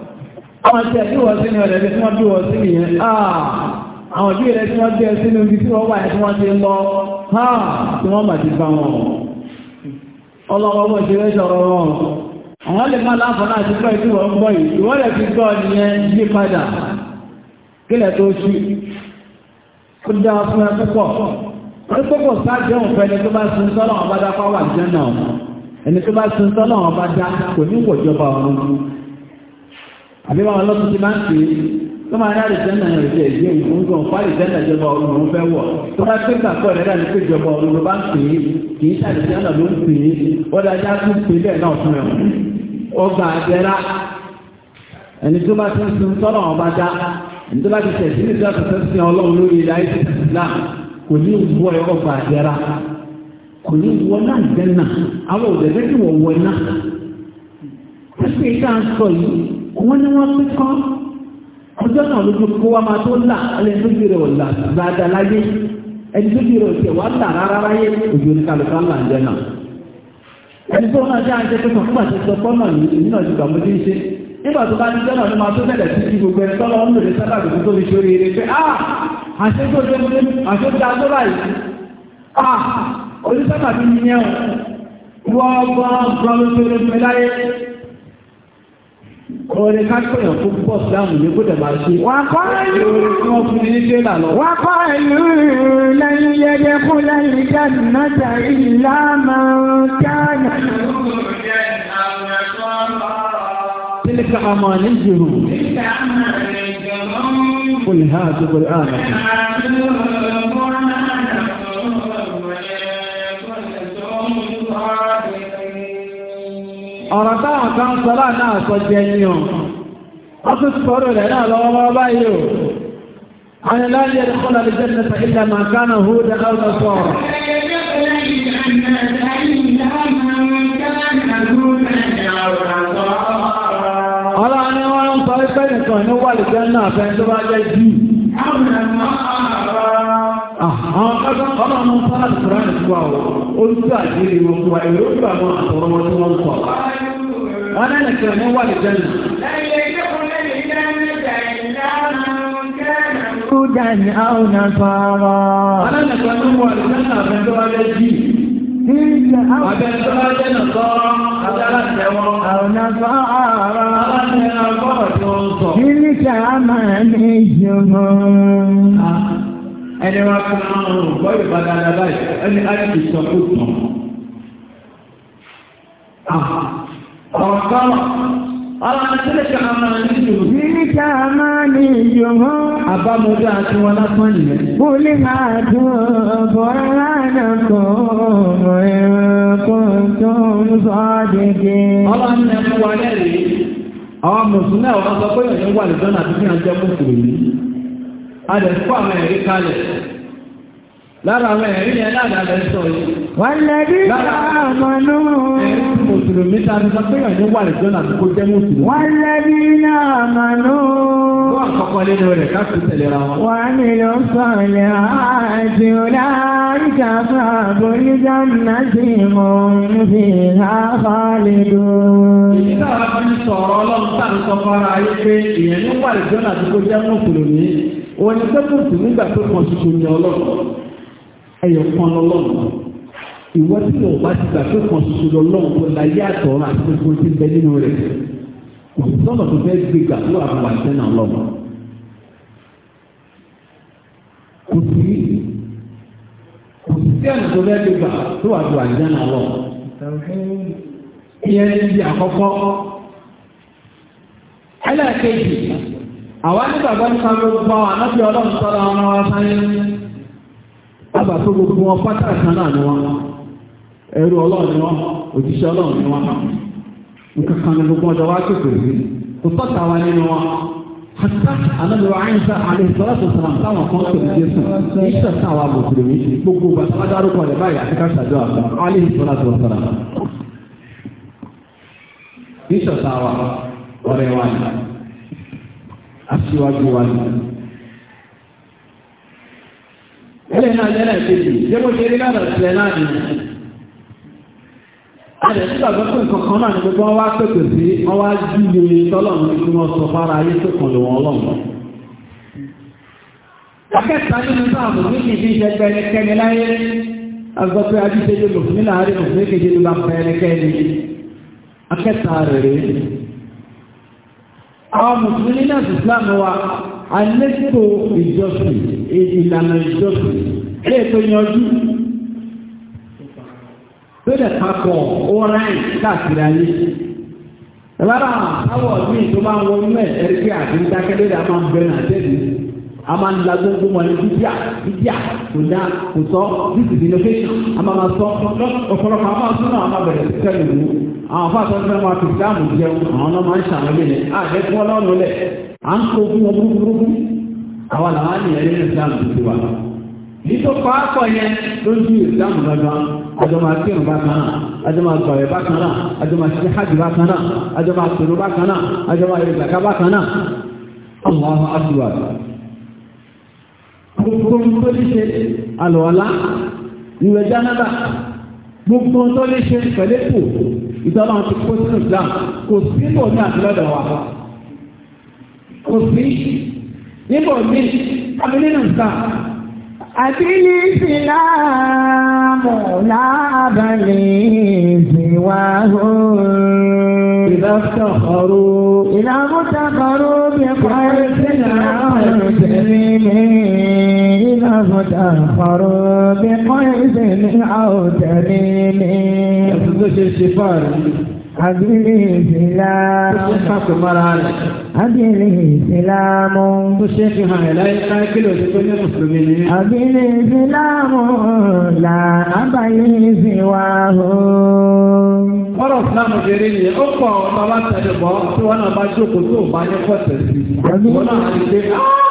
àwọn tí a bí wọ́n sínú ọ̀rẹ́ bí wọ́n bí wọ́n sínú yẹn ah, àwọn òbí rẹ̀ tí wọ́n bí ẹ sínú ibi tí wọ́n wà tí wọ́n ti ń lọ tí wọ́n mà ti bá wọn ọlọ́wọ́ wọ́n ti rẹ́ṣọ̀ ọ̀rọ̀ wọn àwọn lè má láǹfààní àti gbọ́ ìtú wọn gbọ́ yìí ìwọ́n rẹ̀ ti àbí wọn lọ́tún ti máa ń pè tó máa rárẹ̀ sẹ́nà rẹ̀ jẹ́ ìdí òun gan fáàlì sẹ́nà ìjọba ọ̀run òun fẹ́ wọ̀ tó bá pé kàkọ́ rẹ̀ rà ní pé ìjọba ọ̀run ló bá ń pè é kì í sàlẹ̀ sẹ́nà ló ń pè é wọ́n dájá tún pè bẹ́ẹ̀ náà fún ẹ̀ ọgbà àjẹrà ẹni tó bá tún sun tọ́nà ọba dá ẹni tó bá ti tẹ̀ sí nígbà tó tún sin ọlọ́run lórí wọ́n ní wọ́n pín kán ọjọ́ náà lójú kó wá máa tó là ẹni tó fi rẹ̀ ò là dáadáa láyé ẹni tó fi rẹ̀ ò tẹ̀ wá là rárá láyé òjò ní kálukú ńlá ń jẹ náà ẹni tó náà jẹ́ àjẹ́ pẹ́sàn fún àti sọ pọ́nà yìí náà ti gbàmọ́ tí ń ṣe nígbà tó bá ní máa tó bẹ̀rẹ̀ sí ti gbogbo ẹni ah, àṣẹ tó Orin kákọ̀yàn fún pọ̀ síláàmù ní kó dẹ̀bà sí. Wà kọ́ ìlú. Orin tí wọ́n fún ní tẹ́lá lọ. Wà kọ́ ìlú lẹ́yìn yẹyẹ fún lẹ́yìn jáde náà jà ìlà máa ń jáde. تلك أمانيهم قل هاتوا الآن ọ̀rọ̀ táwọn kan sọ́lá náà sọ jẹ́ ní ọ̀ wọ́n tún sọ́rọ̀ rẹ̀ náà lọ́wọ́ báyìí o àwọn ìlànà yẹn kọ́ lálẹ́ jẹ́ nípa ìlà máa gánà hó dá ọ̀nà sọ̀rọ̀. ọlọ́run ni wọ́n ń sọ pé nìkan ní wàlùjẹ́ náà fẹ́ tó bá jẹ́ jù àwọn ọlọ́run ọmọ sáà kúrò ní ìgbà ọ̀ ó ń tó àjírí wọn fún wa èrò ìgbà wọn àtọ̀rọ̀ wọn tí wọ́n ń sọ. wọn náà lè kẹrẹ wọn wà ní jẹnu. Kúdàn àwọn afárá. Ah. Aláǹdàkọ̀ ló wà ní sẹ́nà àbẹ̀ntọ́lá jì. Àbẹ̀ntọ́lá jẹ́ nàkọ́ Àwọn afárá. Aláǹdàkọ̀ ló wà ní sẹ́nà àbẹ̀ntọ́lá jì. ẹni wá fún àwọn olùgbọ́ ìbáda dáadáa ẹni àìsí sọ kó tàn. Ah, ọrụ kan Níbi tá a máa ní ìjọmọ́. Àbámọ́dé àti wọn lásán yìí. ọrụ máa dùn bọ́rọ̀ lánà kan ẹ̀kọ́ tó ń sọ ẹ̀kú wa lẹ́rìí. Àwọn Mùsùlùmí sọ pé ìyẹn wà àti jẹ́ a lè kó àwọn ẹ̀rí kalẹ̀ lára àwọn ẹ̀rí yẹn náà lè sọ yìí. wọ́n lè rí àmọ́ náà. mùsùlùmí ta ni sọ pé yàn ní wà lẹ́jọ́ náà kó jẹ́ mùsùlùmí. wọ́n lè rí àmọ́ náà. wọ́n àkọ́kọ́ nínú rẹ̀ ká sì tẹ̀lé ra wọn. wọ́n ní ló sọ̀lẹ̀ àti ọ̀làǹkà fún àbóríjà náà sí mọ̀ níbi àfàlẹ́ lò. ìdílé àwọn sọ̀rọ̀ ọlọ́run tá à ń sọ fọ́ra ayé pé ìyẹn ní wà lẹ́jọ́ náà kó jẹ́ mùsùlùmí wọ́n ní sẹ́kùnsì nígbà tó kàn ṣoṣo ní ọlọ́run ẹ̀yọ̀ kan lọ́lọ́run ìwọ tí mo bá ti gbà tó kàn ṣoṣo lọ́lọ́run kò láyé àtọ̀run àti gbogbo tí ń bẹ nínú rẹ̀ kò sí sọ́nà tó fẹ́ gbé gbà tó àwọn àṣẹ náà lọ́wọ́ kò sí kò sí sí àná tó fẹ́ gbé gbà tó àwọn àṣẹ náà lọ́wọ́ ìyẹn ti di àkọ́kọ́ ẹlẹ́ẹ̀kejì àwọn nígbàgbọ́ ní sáré gbogbo àwọn ànábì ọlọ́run tọ́ra wọn wá sáyé àbà tó gbogbo wọn pátá kan náà ni wọn ẹrú ọlọ́run ni wọn òjíṣẹ́ ọlọ́run ni wọn nǹkan kan ní gbogbo ọjọ́ wá kékeré sí kò tọ́ta wa nínú wọn hata anabi wa ayinza alayhi salatu wa salam táwọn kan tó ní jésù iṣẹ táwa mùsùlùmí gbogbo bàtà bá dárúkọ rẹ báyìí àti ká ṣàjọ àgbà alayhi salatu wa salam iṣẹ táwa ọ̀rẹ́ wa ni aṣíwájú wa ni. ẹlẹ́ náà lẹ́nà ìkejì tí mo ṣe rí lánàá tilẹ̀ náà ni. Àdẹ̀ tí bàbá pé kankan náà ni gbogbo wọn wá pèpè sí wọn wá jíye tọ́lọ́run kí wọ́n sọ fara ayé tó kàn lò wọ́n lọ́wọ́. Akẹ́ta nínú sáàmù ní kìí ṣẹgbẹ́ ẹnikẹ́ni láyé agbọ́pẹ́ ajíṣẹ́jẹ́ lòfin láàárín òfin kéje ló bá pẹ́ ẹnikẹ́ni. Akẹ́ta rẹ̀ rèé àwọn mùsùlùmí náà ti islam wa alẹ́tò ìjọsìn ìlànà ìjọsìn ilé ètò yanjú tó dẹ̀ papọ̀ ọ̀ràn káàkiri ayé lára àwọ̀ ní tó máa ń wọnú ẹ̀ ẹ̀rí pé àdíndákẹ́lẹ́ rẹ̀ a máa ń bẹ̀rẹ̀ àtẹ́lẹ́ a máa ń la gbogbo wọn ní bíbíà bíbíà kò dá kò sọ this is innovation a máa ma sọ ọ̀pọ̀lọpọ̀ a máa tún náà a máa bẹ̀rẹ̀ sí àwọn afáàtọ́ fẹ́ máa fi dáàmù jẹun àwọn ọlọ́mọ ń ṣàwọn ilé àjẹ́ tí wọ́n lọ́nà lẹ̀ à ń kó fún wọn burúkú àwọn làwọn ènìyàn nínú ìdáàmù tó ti wà nítorí pàápọ̀ yẹn lójú ìdáàmù lọ́dọ̀ àjọ máa kírun bákan náà àjọ máa gbàwẹ̀ bákan náà àjọ máa ṣe hajj bákan náà àjọ máa pèrò bákan náà àjọ máa yẹ gbàgbá bákan náà Allahu akbar gbogbo tó lè ṣe àlọ́ọ̀lá ìwẹ̀ jánábà gbogbo tó lè ṣe pẹ̀lẹ́pù ìtọ́lá ti kó sínú Islam kò sí bò ní àtìlọ́dọ̀ wa kò sí níbò ní àbí nínú Islam. Àti ní ìsìláàmù lábàlẹ̀ ìsìwáhó. Ìlàmùtàkọ̀rọ̀. Ìlàmùtàkọ̀rọ̀ bí ẹ̀kọ́ ẹ̀rẹ́ sílẹ̀ àwọn ìṣẹ̀lẹ̀ mi. إذا فتحر بقيد أو تميم ló ṣe ṣe fáàrí. Àbílẹ̀ ìsìláàmù. Ó ṣe ń kàpè mọ́ra rẹ̀. Àbílẹ̀ ìsìláàmù. Ó ṣe fi hàn ẹ̀ láyé ká kí ló ṣe tó ní Mùsùlùmí ni. Àbílẹ̀ ìsìláàmù là ábàlẹ̀ ìsìnwáhó. Ọ̀rọ̀ ìsìláàmù kéré ni ó pọ̀ bàbá tẹ̀lé bọ́ tí wọ́n náà bá jókòó tó bá ní pọ̀ tẹ̀sí. Àbílẹ̀ ìsìláàmù.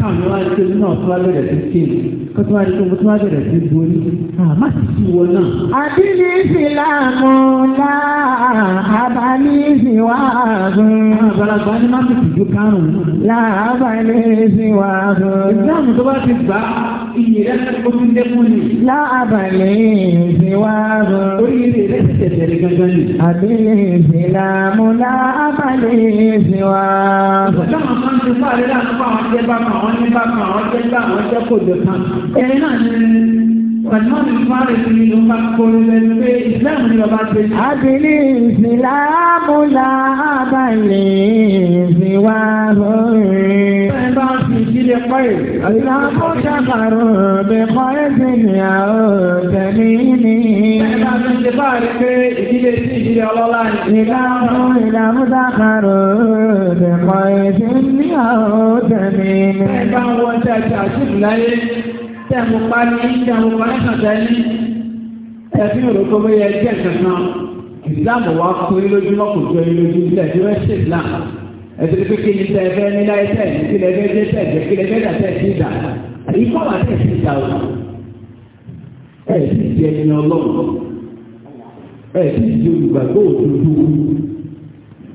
káwọn yẹn wá ń ṣe náà tó wá bẹ̀rẹ̀ sí kí ni kó tó wá rí tó wá bẹ̀rẹ̀ sí borí má sì sí wọn náà. àbílí ìsìlámù náà àbálí ìsìwáàgùn. àgbàlagbà ni má sì tìjú kárùn-ún. làbálí ìsìwáàgùn. ìsìlámù tó bá ti gbà iyì rẹ̀ ó ti dẹ́kun ni. làbálí ìsìwáàgùn. oríire rẹ̀ ti tẹ̀tẹ̀ rẹ̀ gangan ni. àbílí ìsìlámù náà àbálí ìsìwáàgùn. ìsìlámù kan ti fún àwọn ní bákan àwọn jẹ́ gbà àwọn jẹ́ kò jọ kan ẹni náà ní Salman Fari ti ní ló bá lẹ́nu pé Islam ní bàbá ti. Àbílí ìsìlámù làbàlẹ̀ ìsìnwá lórí. Bẹ́ẹ̀ bá ti ìdílé pọ̀ yìí. Ìsìlámù ṣàkàrò bẹ̀kọ́ ẹ̀sìn ní àwọn tẹ̀lé ní. Bẹ́ẹ̀ bá ti ṣe bá rí pé ìdílé sí ìdílé ọlọ́lá ni. Ìsìlámù ìdàmúdàkàrò bẹ̀kọ́ ẹ̀sìn ẹ bá ń wọ ọjà àti àṣìlù láyé tẹ mo pa ní tẹ mo pa lẹ́kàtà ní ẹbí òròkó bó yẹ jẹ́ kankan Islam wa kó yín lójú kò jọ yín lójú ilé ẹ̀dí wọ́n ṣe Islam ẹ̀dí pé kí ni tẹ ẹ̀fẹ́ ní láyé tẹ̀ ní kí lẹ́fẹ́ dé tẹ̀ jẹ́ kí lẹ́fẹ́ dà tẹ̀ sí ìdá ikọ́ wa tẹ̀ sí ìdá o ẹ̀ sì jẹ́ ẹni ọlọ́run ẹ̀ sì jẹ́ olùgbàgbọ́ òdodo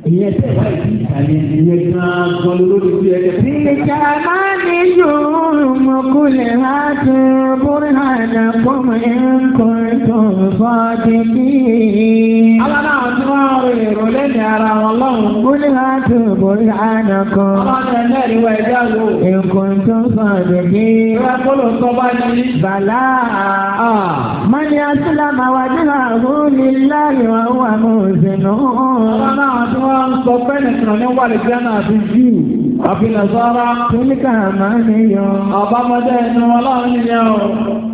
ìyẹn tẹ̀ wá ìdí ìtàlẹ̀ ìyẹn gan-an gan lórí bí ẹ Ìjà máa ní yóò mọ̀ kú lè ha tó bórí ha nà fọ́mù ẹ̀kọ́ tó fọ́dé bí. Alára àti wọ́n rẹ̀ ìrọ̀lẹ́ ní ara wọn lọ́wọ́. Kú lè ha tó bórí ha nà kọ́. Ọlọ́dẹ mẹ́rin wọ ẹja wo. Ẹ̀kọ́ tó fọ́dé bí. Ìrẹ́kọ́lò sọ bá ní. Bàlá. Mọ́ni Asílámà wà ní àwọn olùlá ìwà wà mọ̀ òṣèlú. Ọlọ́dẹ àwọn tí wọ́n wá ń sọ fẹ́nìkan ní wà lè jẹ́nà àti jíù àfilàsára tó ní kàhàmà ní yọ àbámọ́dé ẹnu ọlọ́run nìyẹn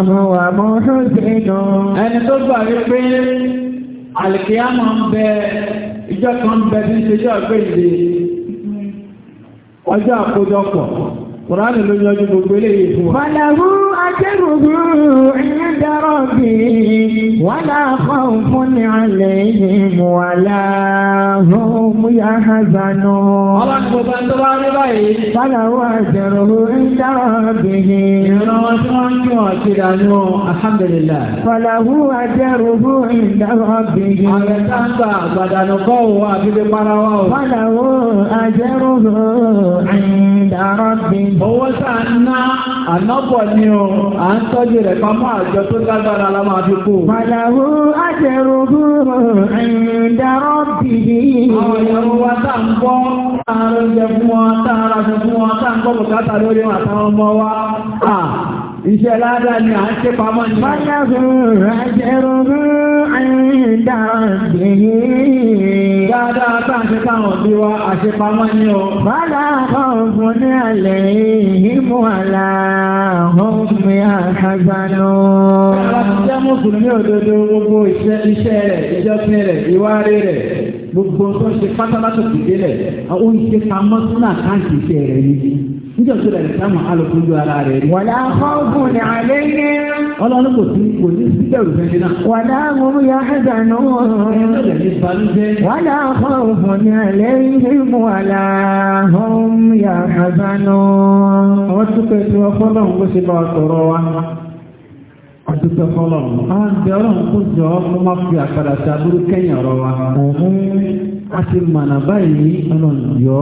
wà mú ṣùgbìnà. Ẹni tó gbà wípé àlìkíyàmọ̀ ń bẹ ìjọ kan bẹ bí ṣe jọ gbé ìdè ọjọ́ àkójọpọ̀. Kùránì ló yọjú gbogbo eléyìí fún wa. Bàlàrú akẹ́rùgbù ẹ̀yìn dárọ̀ bí wàlá fáwọn fún ní alẹ́ ìhìn wàlá ọ̀hún yá hazanú. Ọlọ́run gbogbo ẹni tó bá rí dárọ̀ bí. Ìrànwọ́ tí wọ́n ń dárọ̀ bí. Ààrẹ sáńgbà owó tá a ná ànábọ̀ ni o à ń tọ́jú rẹ̀ pamọ́ àjọ tó lágbára la máa fi kú. Màdàwó àjẹrùbù ìdárọ̀ bìbí. Àwọn ìyàwó wa tá ń gbọ́ àrùn jẹ fún wọn, tá ara jẹ fún wọn, tá ń gbọ́ bùkátà lórí wọn àtàwọn ọmọ wa. Iṣẹ́ ládá ni à ń ṣe pamọ́ ní. Fọ́lẹ́fún àjẹrùrú àìdàgbèrè. Dáadáa tá à ń ṣe táwọn bí wa àṣepamọ́ ní o. Bọ́lá kan fún ní àlẹ́ ìhímú àlá ọ̀húnmi àkàgbànú. Láti jẹ́ Mùsùlùmí òdodo gbogbo iṣẹ́ rẹ̀, ìjọsìn rẹ̀, ìwárí rẹ̀, gbogbo tó ń ṣe pátá látòkè délẹ̀, ó ń ṣe pamọ́ sínú àkáǹtì iṣẹ́ rẹ̀ níbi níjọ́ tó lẹ́yìn sáà máa lọ fún ju ara rẹ̀ rí. wàlá kọ́ọ̀bù ní alẹ́ ní. ọlọ́run kò sí kò ní sí bẹ̀rù fẹ́ náà. wàlá múru ya ẹ̀dà náà. wàlá kọ́ọ̀bù ní alẹ́ ní mú wàlá hóm ya ẹ̀dà náà. àwọn tó pẹ́ tí wọ́n ń gbèsè bá sọ̀rọ̀ wa. Àdúgbò fọlọ́. Àwọn àgbẹ̀ ọlọ́run kò jọ ọmọ máa fi àkàrà sí aburú kẹ́yìn ọ̀rọ̀ wa. A ti báyìí ọlọ́run yọ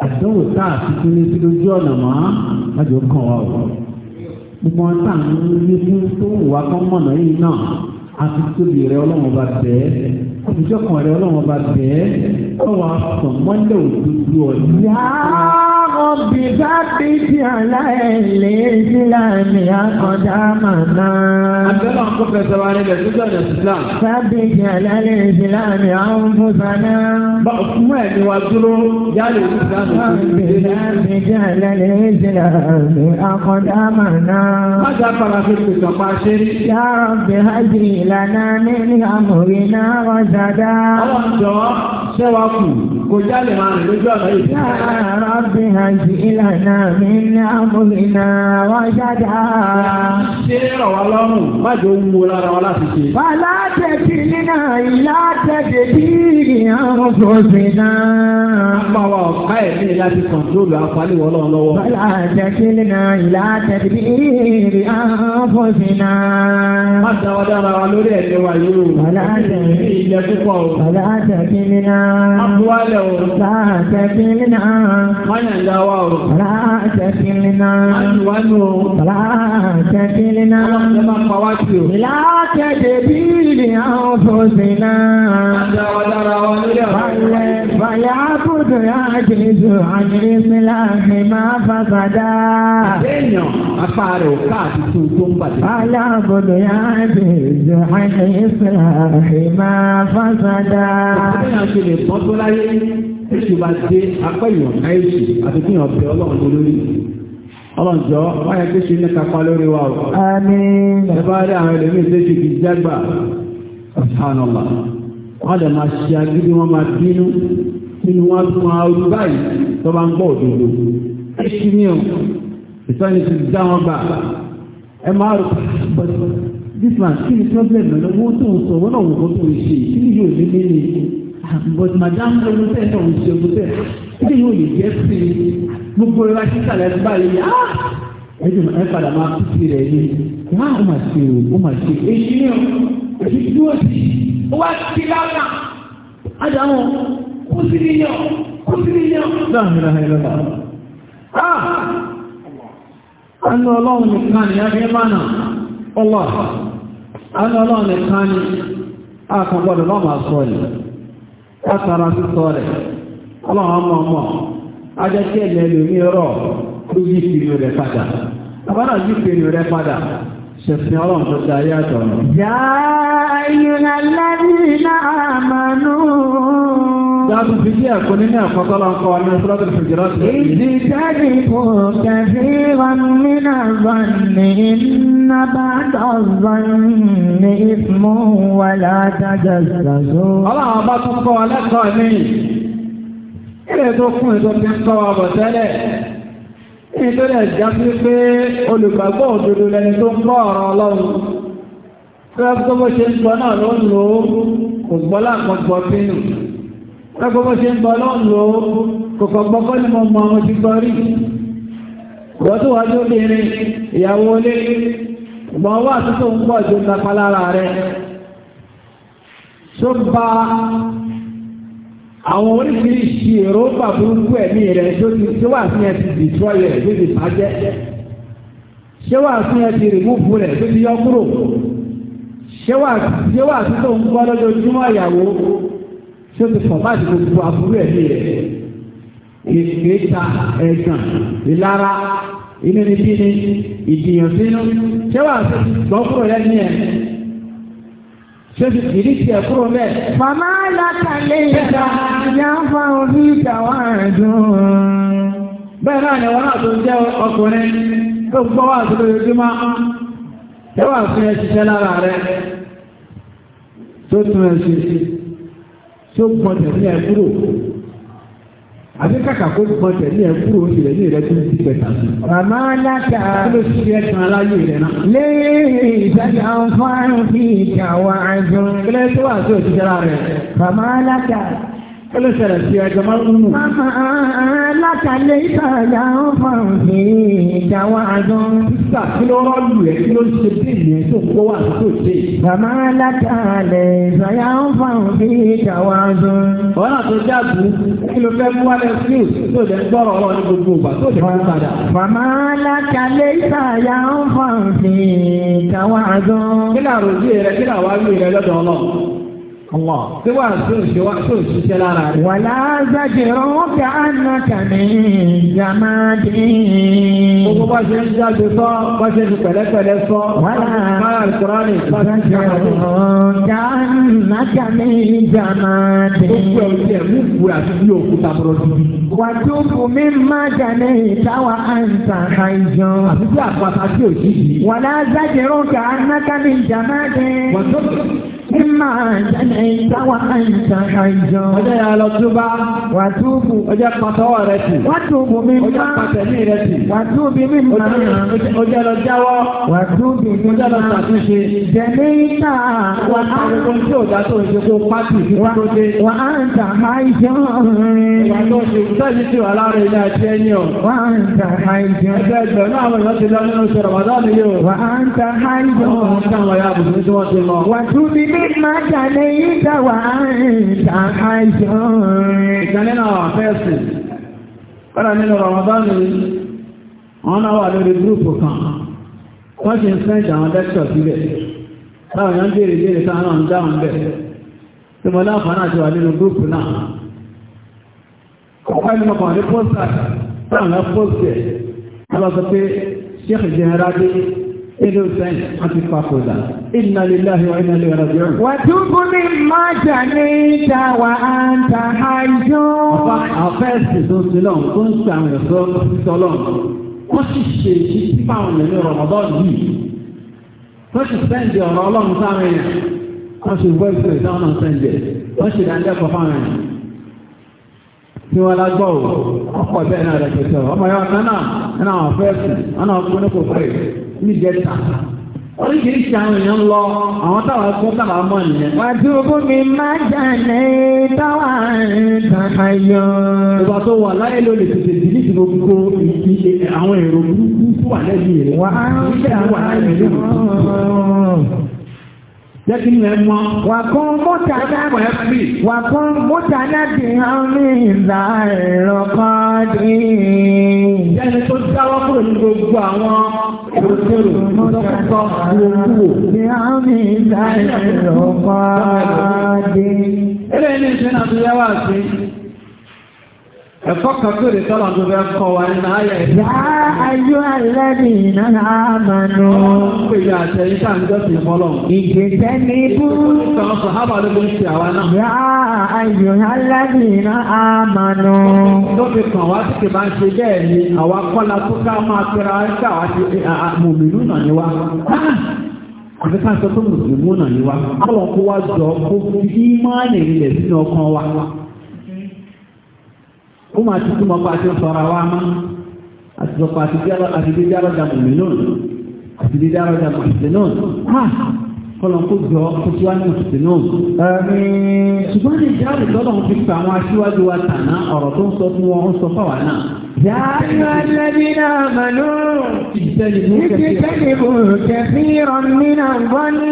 àdánwò tá a ti tún létí lójú ọ̀nà mọ́ lájọ kàn wá o gbogbo wọn tá à ń lé fún tó ń wá kán mọ̀nà yìí náà àti tóbi rẹ ọlọ́run ọba bẹ́ẹ̀ àtijọ́ kan rẹ ọlọ́run ọba bẹ́ẹ̀. Ọwọ́ àtàn mọ́lẹ̀ òdodo ọ̀dọ́. Yàrá bí bá bí ti aláìlè síláàmì akọ̀dá màmá. Àbẹ̀lọ̀ kò fẹsẹ̀ wa nílẹ̀ sílẹ̀ ní Islam. Sábì ti aláìlè síláàmì àwọn fúnfàná. Fún ẹ̀mí wa dúró yálè ìsìláàmì. Sábì ti aláìlè síláàmì akọ̀dá màmá. Má jà fara fi pèsè ọ̀pá ṣe rí. Yàrá bí hajj ìlànà ní àmúrí náà rọ̀ dáadáa. Ọlọ́run jọ̀wọ́ ṣẹ́wàá kù kò jálè máa rìn lójú ọ̀nà yìí. Yàrá bí àjì ìlànà mi ní àmúlìnà wá jáde. Ṣé rọ̀ wá lọ́rùn má jẹ́ ohun wo lára wa láti ṣe? Bàlá tẹ̀sí nínà ìlà tẹ̀sí bí ìyàwó sọ̀sìn náà. Má wa ọ̀ká ẹ̀ ní láti kọ̀ǹtólù àpáléwọ̀ náà lọ́wọ́. Bàlá tẹ̀sí nínà ìlà tẹ̀sí bí ìyàwó sọ̀sìn náà. Má dáwọ́ dára wa lórí ẹ̀jẹ̀ wa yóò. Bàlá tẹ̀sí nínà Abuwalẹ̀ o. Láàṣẹ fi nínà. Mọ́yà ìyáwá o. Láàṣẹ fi nínà. Aṣùwánú o. Láàṣẹ fi nínà. Ọlọ́pẹ́ máa pa wá tó yáàkiri tó àkiri mi máa fàkàdá. Àbẹ́yàn apá rẹ̀ ò káàkiri tó tó ń bàjẹ́. Aláàbòdò yáàkiri tó àkiri mílá mi máa fàkàdá. Àbẹ́yàn lè bọ́ tó láyé èṣù bá dé apẹ́yàn náà èṣù àti kíyàn bẹ ọlọ́run lórí. Ọlọ́njọ́ wáyé pé ṣe ní kápá lórí wa o. Àmín. Ẹ rí àwọn ẹlòmíì tó ṣe kì í jágbà. Subhanallah. Wọ́n lè máa ṣe agídí wọn máa bínú kí wọ́n tún àrùn báyìí tó bá ń gbọ́ òdodo ẹ̀ṣì ní ọ̀ ìsọ́ni ti dá wọn gbà ẹ máa rò but this man kí ni problem ẹ̀ lọ́wọ́ tó ń sọ wọ́n náà wò ó tó ń ṣe kí ni yóò ní nílé but madam lọ́wọ́ tẹ̀ náà ń ṣe ọgbọ́tẹ̀ kí ni yóò lè jẹ́ sí i gbogbo ẹ̀rọ títà lẹ́nu báyìí ah ẹ̀dùn ẹ̀ padà máa kú sí rẹ̀ ní wá ó mà ṣe o ó mà ṣe èyí ni ọ̀ èyí tí ó ti wá sí lára àdáwọn kú sí níyàn kú sí níyàn. láàrin ara ah! ẹ̀rọ bá. Àánú ọlọ́run nìkan ni abẹ́ mánà ọlọ́ àánú ọlọ́run nìkan ni àkàgbọ́dọ̀ lọ́mà sọ rẹ̀ látara sísọ rẹ̀ ọlọ́run ọmọ ọmọ ajẹ́ tí ẹ̀lẹ́ lómi rọ̀ lórí ìpinnu rẹ̀ padà àbádà yí ìpinnu rẹ̀ padà ṣẹ̀sìn ọlọ́run tó dá ayé àtọ̀run. Yá ayé láti fi bí ẹ̀kọ́ nínú ẹ̀kọ́ tọ́lá ń kọ́ wa nínú sọ́lá tẹ̀lé fìjìrá sí. Ìdí jáde kò kẹ̀sí wọn nínú ọ̀gbọ̀n ní iná bá dọ̀gbọ̀n ní ìfún wa látàjà ìgbàgbọ́. Ọlọ́run bá tún kọ́ wa lẹ́kọ̀ọ́ ní ilé tó fún ètò tí ń kọ́ wa bọ̀ tẹ́lẹ̀. Nítorí ẹ̀já sí pé olùgbàgbọ́ òdodo lẹni tó ń kọ́ ọ̀rọ̀ Ọlọ́run. Fẹ́ bó ṣe ń sọ náà ló ń lò ó, kan gbọ́ bínú. Ẹgbọ́gbọ́ ṣe ń bọ́ lọ́nà kòkògbọ́gbọ́ ni mọ́ mọ́ ti gbọ́ rí. Wọ́n tó wájú obìnrin ìyàwó olé, ìgbọ̀n wà tó tó ń pọ̀ jù lápá lára rẹ̀. Ṣó bá àwọn oríṣiríṣi èròǹgbà burúkú ẹ̀mí rẹ̀ tó wà sí ẹ̀sìn ìtúọ̀yẹ̀ tó ti bàjẹ́. Ṣé wà sí ẹ̀sìn rìmúfù Ṣé wà sí tó tí ó ti fọ̀ máa ti gbogbo àbúrò ẹ̀mí rẹ̀ ìgbéta ẹ̀gàn ìlara inú ni bí ni ìdìyànsínú ṣé wàá ṣe gbọ́ kúrò lẹ́nu ẹ̀ ṣé ti kìí ṣe kúrò mẹ́. màmá látàlẹ́ ìta ìyá ń fa orí ìtàwọn àdùn. bẹ́ẹ̀ náà ni wọ́n náà tó ọkùnrin tó gbọ́ wà sí lójoojúmọ́ ṣé wàá fi ẹ ṣiṣẹ́ lára rẹ̀ tó tún ẹ ṣe tó gbọ́n tẹ̀lé ẹ̀ kúrò àbí kàkà kó gbọ́n tẹ̀lé ẹ̀ kúrò ìrẹ̀ ní ìrẹ́ tó ń ti bẹ̀tà sí. màmá láta ló ṣe é kan aláyé rẹ̀ náà. léèrè ìtajà ń fọ́nrán fi ìjà wa àjọ. kílẹ̀ tó wà sí òṣìṣẹ́ rẹ̀. màmá láta. Ẹlẹ́sẹ̀rẹ̀ sí ẹjọ́ máa ń mú. Látàlẹ́ ìbàdà ó fọ̀n sí ìdáwà àdán. Sísà kí ló rọ́ lù ẹ́ kí ló ṣe bí ìyẹn tó kó wà tó dé. Bàbá látàlẹ́ ìbàdà ó fọ̀n sí ìdáwà àdán. Ọ̀nà tó jáàbù kí ló fẹ́ mú wálé sí tó dẹ̀ ń gbọ́rọ̀ ọ̀rọ̀ ní gbogbo ìgbà tó dẹ̀ ń padà. Bàbá látàlẹ́ ìbàdà ó fọ̀n sí ìdáwà àdán. Kí Allah. Tí wàá tó ṣe wá tó ṣiṣẹ́ lára rẹ̀. Wà láàzájì rọ́ọ̀kì ànákà ní ìjàmáàdì. Gbogbo bá ṣe ń jáde sọ, bá ṣe fi pẹ̀lẹ́pẹ̀lẹ́ sọ. Wà láàzájì rọ́ọ̀kì ànákà ní ìjàmáàdì. Gbogbo ẹ̀rù tẹ̀ mú ìwé àti bí òkúta bọ̀rọ̀ dúdú. Wà tó bù mí má jàne ìtawà àǹtà àìjàn. Àbí bí tí ò máa jẹ́ ìtawà àìsàn àìjọ. Ọjọ́ yà lọ túbá. Wà túbù. Ọjọ́ pàtọ́wọ̀ rẹ tì. Wà túbù mi máa. Ọjọ́ pàtẹ́mí rẹ tì. Wà túbù mi máa. Ọjọ́ lọ jáwọ́. Wà túbù mi máa. Ọjọ́ lọ ṣàtúnṣe. Jẹ̀mí ìta. Wà á ń kó tí ò dá tó ń ṣe kó pátì tó dé. Wà á ń tà àìjọ. Wà tó ṣe sẹ́yìn tí wà lára ilé àti ẹni ọ̀. Wà á ń tà àìjọ. Ẹgbẹ́ ẹgbẹ́ náà wọ́n ti lọ nínú ṣe Wà á ń tà àìjọ. Wà á ń tà máa jàlẹ̀ yìí dáwà ìta àjọ. ìkànnì náà fẹ́ẹ̀sì kọ́nà nínú Ramadan wọn náà wà lórí gúrùpù kan wọ́n ti ń sẹ́ǹdì àwọn lẹ́kṣọ̀ sílẹ̀ báwọn yóò ń béèrè béèrè táwọn náà ń dáhùn bẹ́ẹ̀ tí mo láǹfààní ilé òsèǹ àti pàkódà inna lillahi wa inna ilayhi raji'un. wàtúbù ní májà ní ìdáwà àǹtà àìjọ. àfẹ́sì tó ń sílọ̀ tó ń sàmì ọ̀sọ́ sọlọ̀ wọ́n sì ṣe èyí tí báwọn lè ní yìí wọ́n sì sẹ́ǹdì ọ̀rọ̀ ọlọ́run sáwọn èèyàn wọ́n sì wọ́ọ̀sì ìdáwọn náà sẹ́ǹdì wọ́n sì dáńdẹ́kọ̀ọ́ fáwọn èèyàn tí wọ́n lágbọ́ ò ọ̀pọ̀ bẹ́ẹ̀ náà rẹ̀ tẹ̀tẹ̀ ọmọ yọ ọ̀nà náà ẹ̀nà àwọn fẹ́ẹ̀sì ọ̀nà ọ̀pọ̀ ní kò pè ní jẹta oríṣiríṣi àwọn èèyàn lọ àwọn táwọn ẹ̀kọ́ sábà mọ̀ nìyẹn. wàdúgbò mi máa jàǹdà táwa tàkà yọ. ìgbà tó wà láyé ló lè tètè dì nítorí gbogbo àwọn èrò burúkú wà lẹ́yìn rẹ̀. wà á ń bẹ̀rẹ̀ wà lẹ́yìn rẹ̀. Jẹ́kí ni ẹ mọ́. Wà kún mọ́ta náà wà kún mọ́ta náà di ọmọ ìlà ẹ̀rọ kan dé. Jẹ́ni tó dáwọ́ kúrò ní gbogbo àwọn èròjèrò lọ́kọ̀ọ́kọ́ lókù. Di ọmọ ìlà ẹ̀rọ kan dé. Eré ní ìṣẹ́ náà tó yẹ wá sí. Ẹ̀kọ́ kan tó lè tọ́lọ̀ tó fẹ́ kọ́ wa nínú ayẹ̀ ìlú. Yá ayú alẹ́bí iná náà mọ̀nà. Pé ìyá àtẹ yíká ń jọ́ sí mọ́lọ̀. Ìgbésẹ̀ ní bú. Ìtàn sọ Tó fi náà ni wá. Àfi wá. Kọ́lọ̀ kó wá jọ kó fi ìmọ̀ kó máa ti túmọ̀ pa àti sọ̀rọ̀ wa mọ́ àti sọ̀pọ̀ àti dídí àrọ̀jà mùmínún àti dídí àrọ̀jà mùsùlùmí náà kọlọ̀kó jọ kótó wá ní mùsùlùmí náà. ṣùgbọ́n ní ìjáàbù tọ́lọ̀ ń fi pa àwọn aṣíwájú wa tàná ọ̀rọ̀ tó ń sọ fún wọn ń sọ fáwa náà. Yàrá lẹ́bí náà màlú. Ìjẹ́jẹ́bù kẹfìrọ̀ nínú gbọ́nì.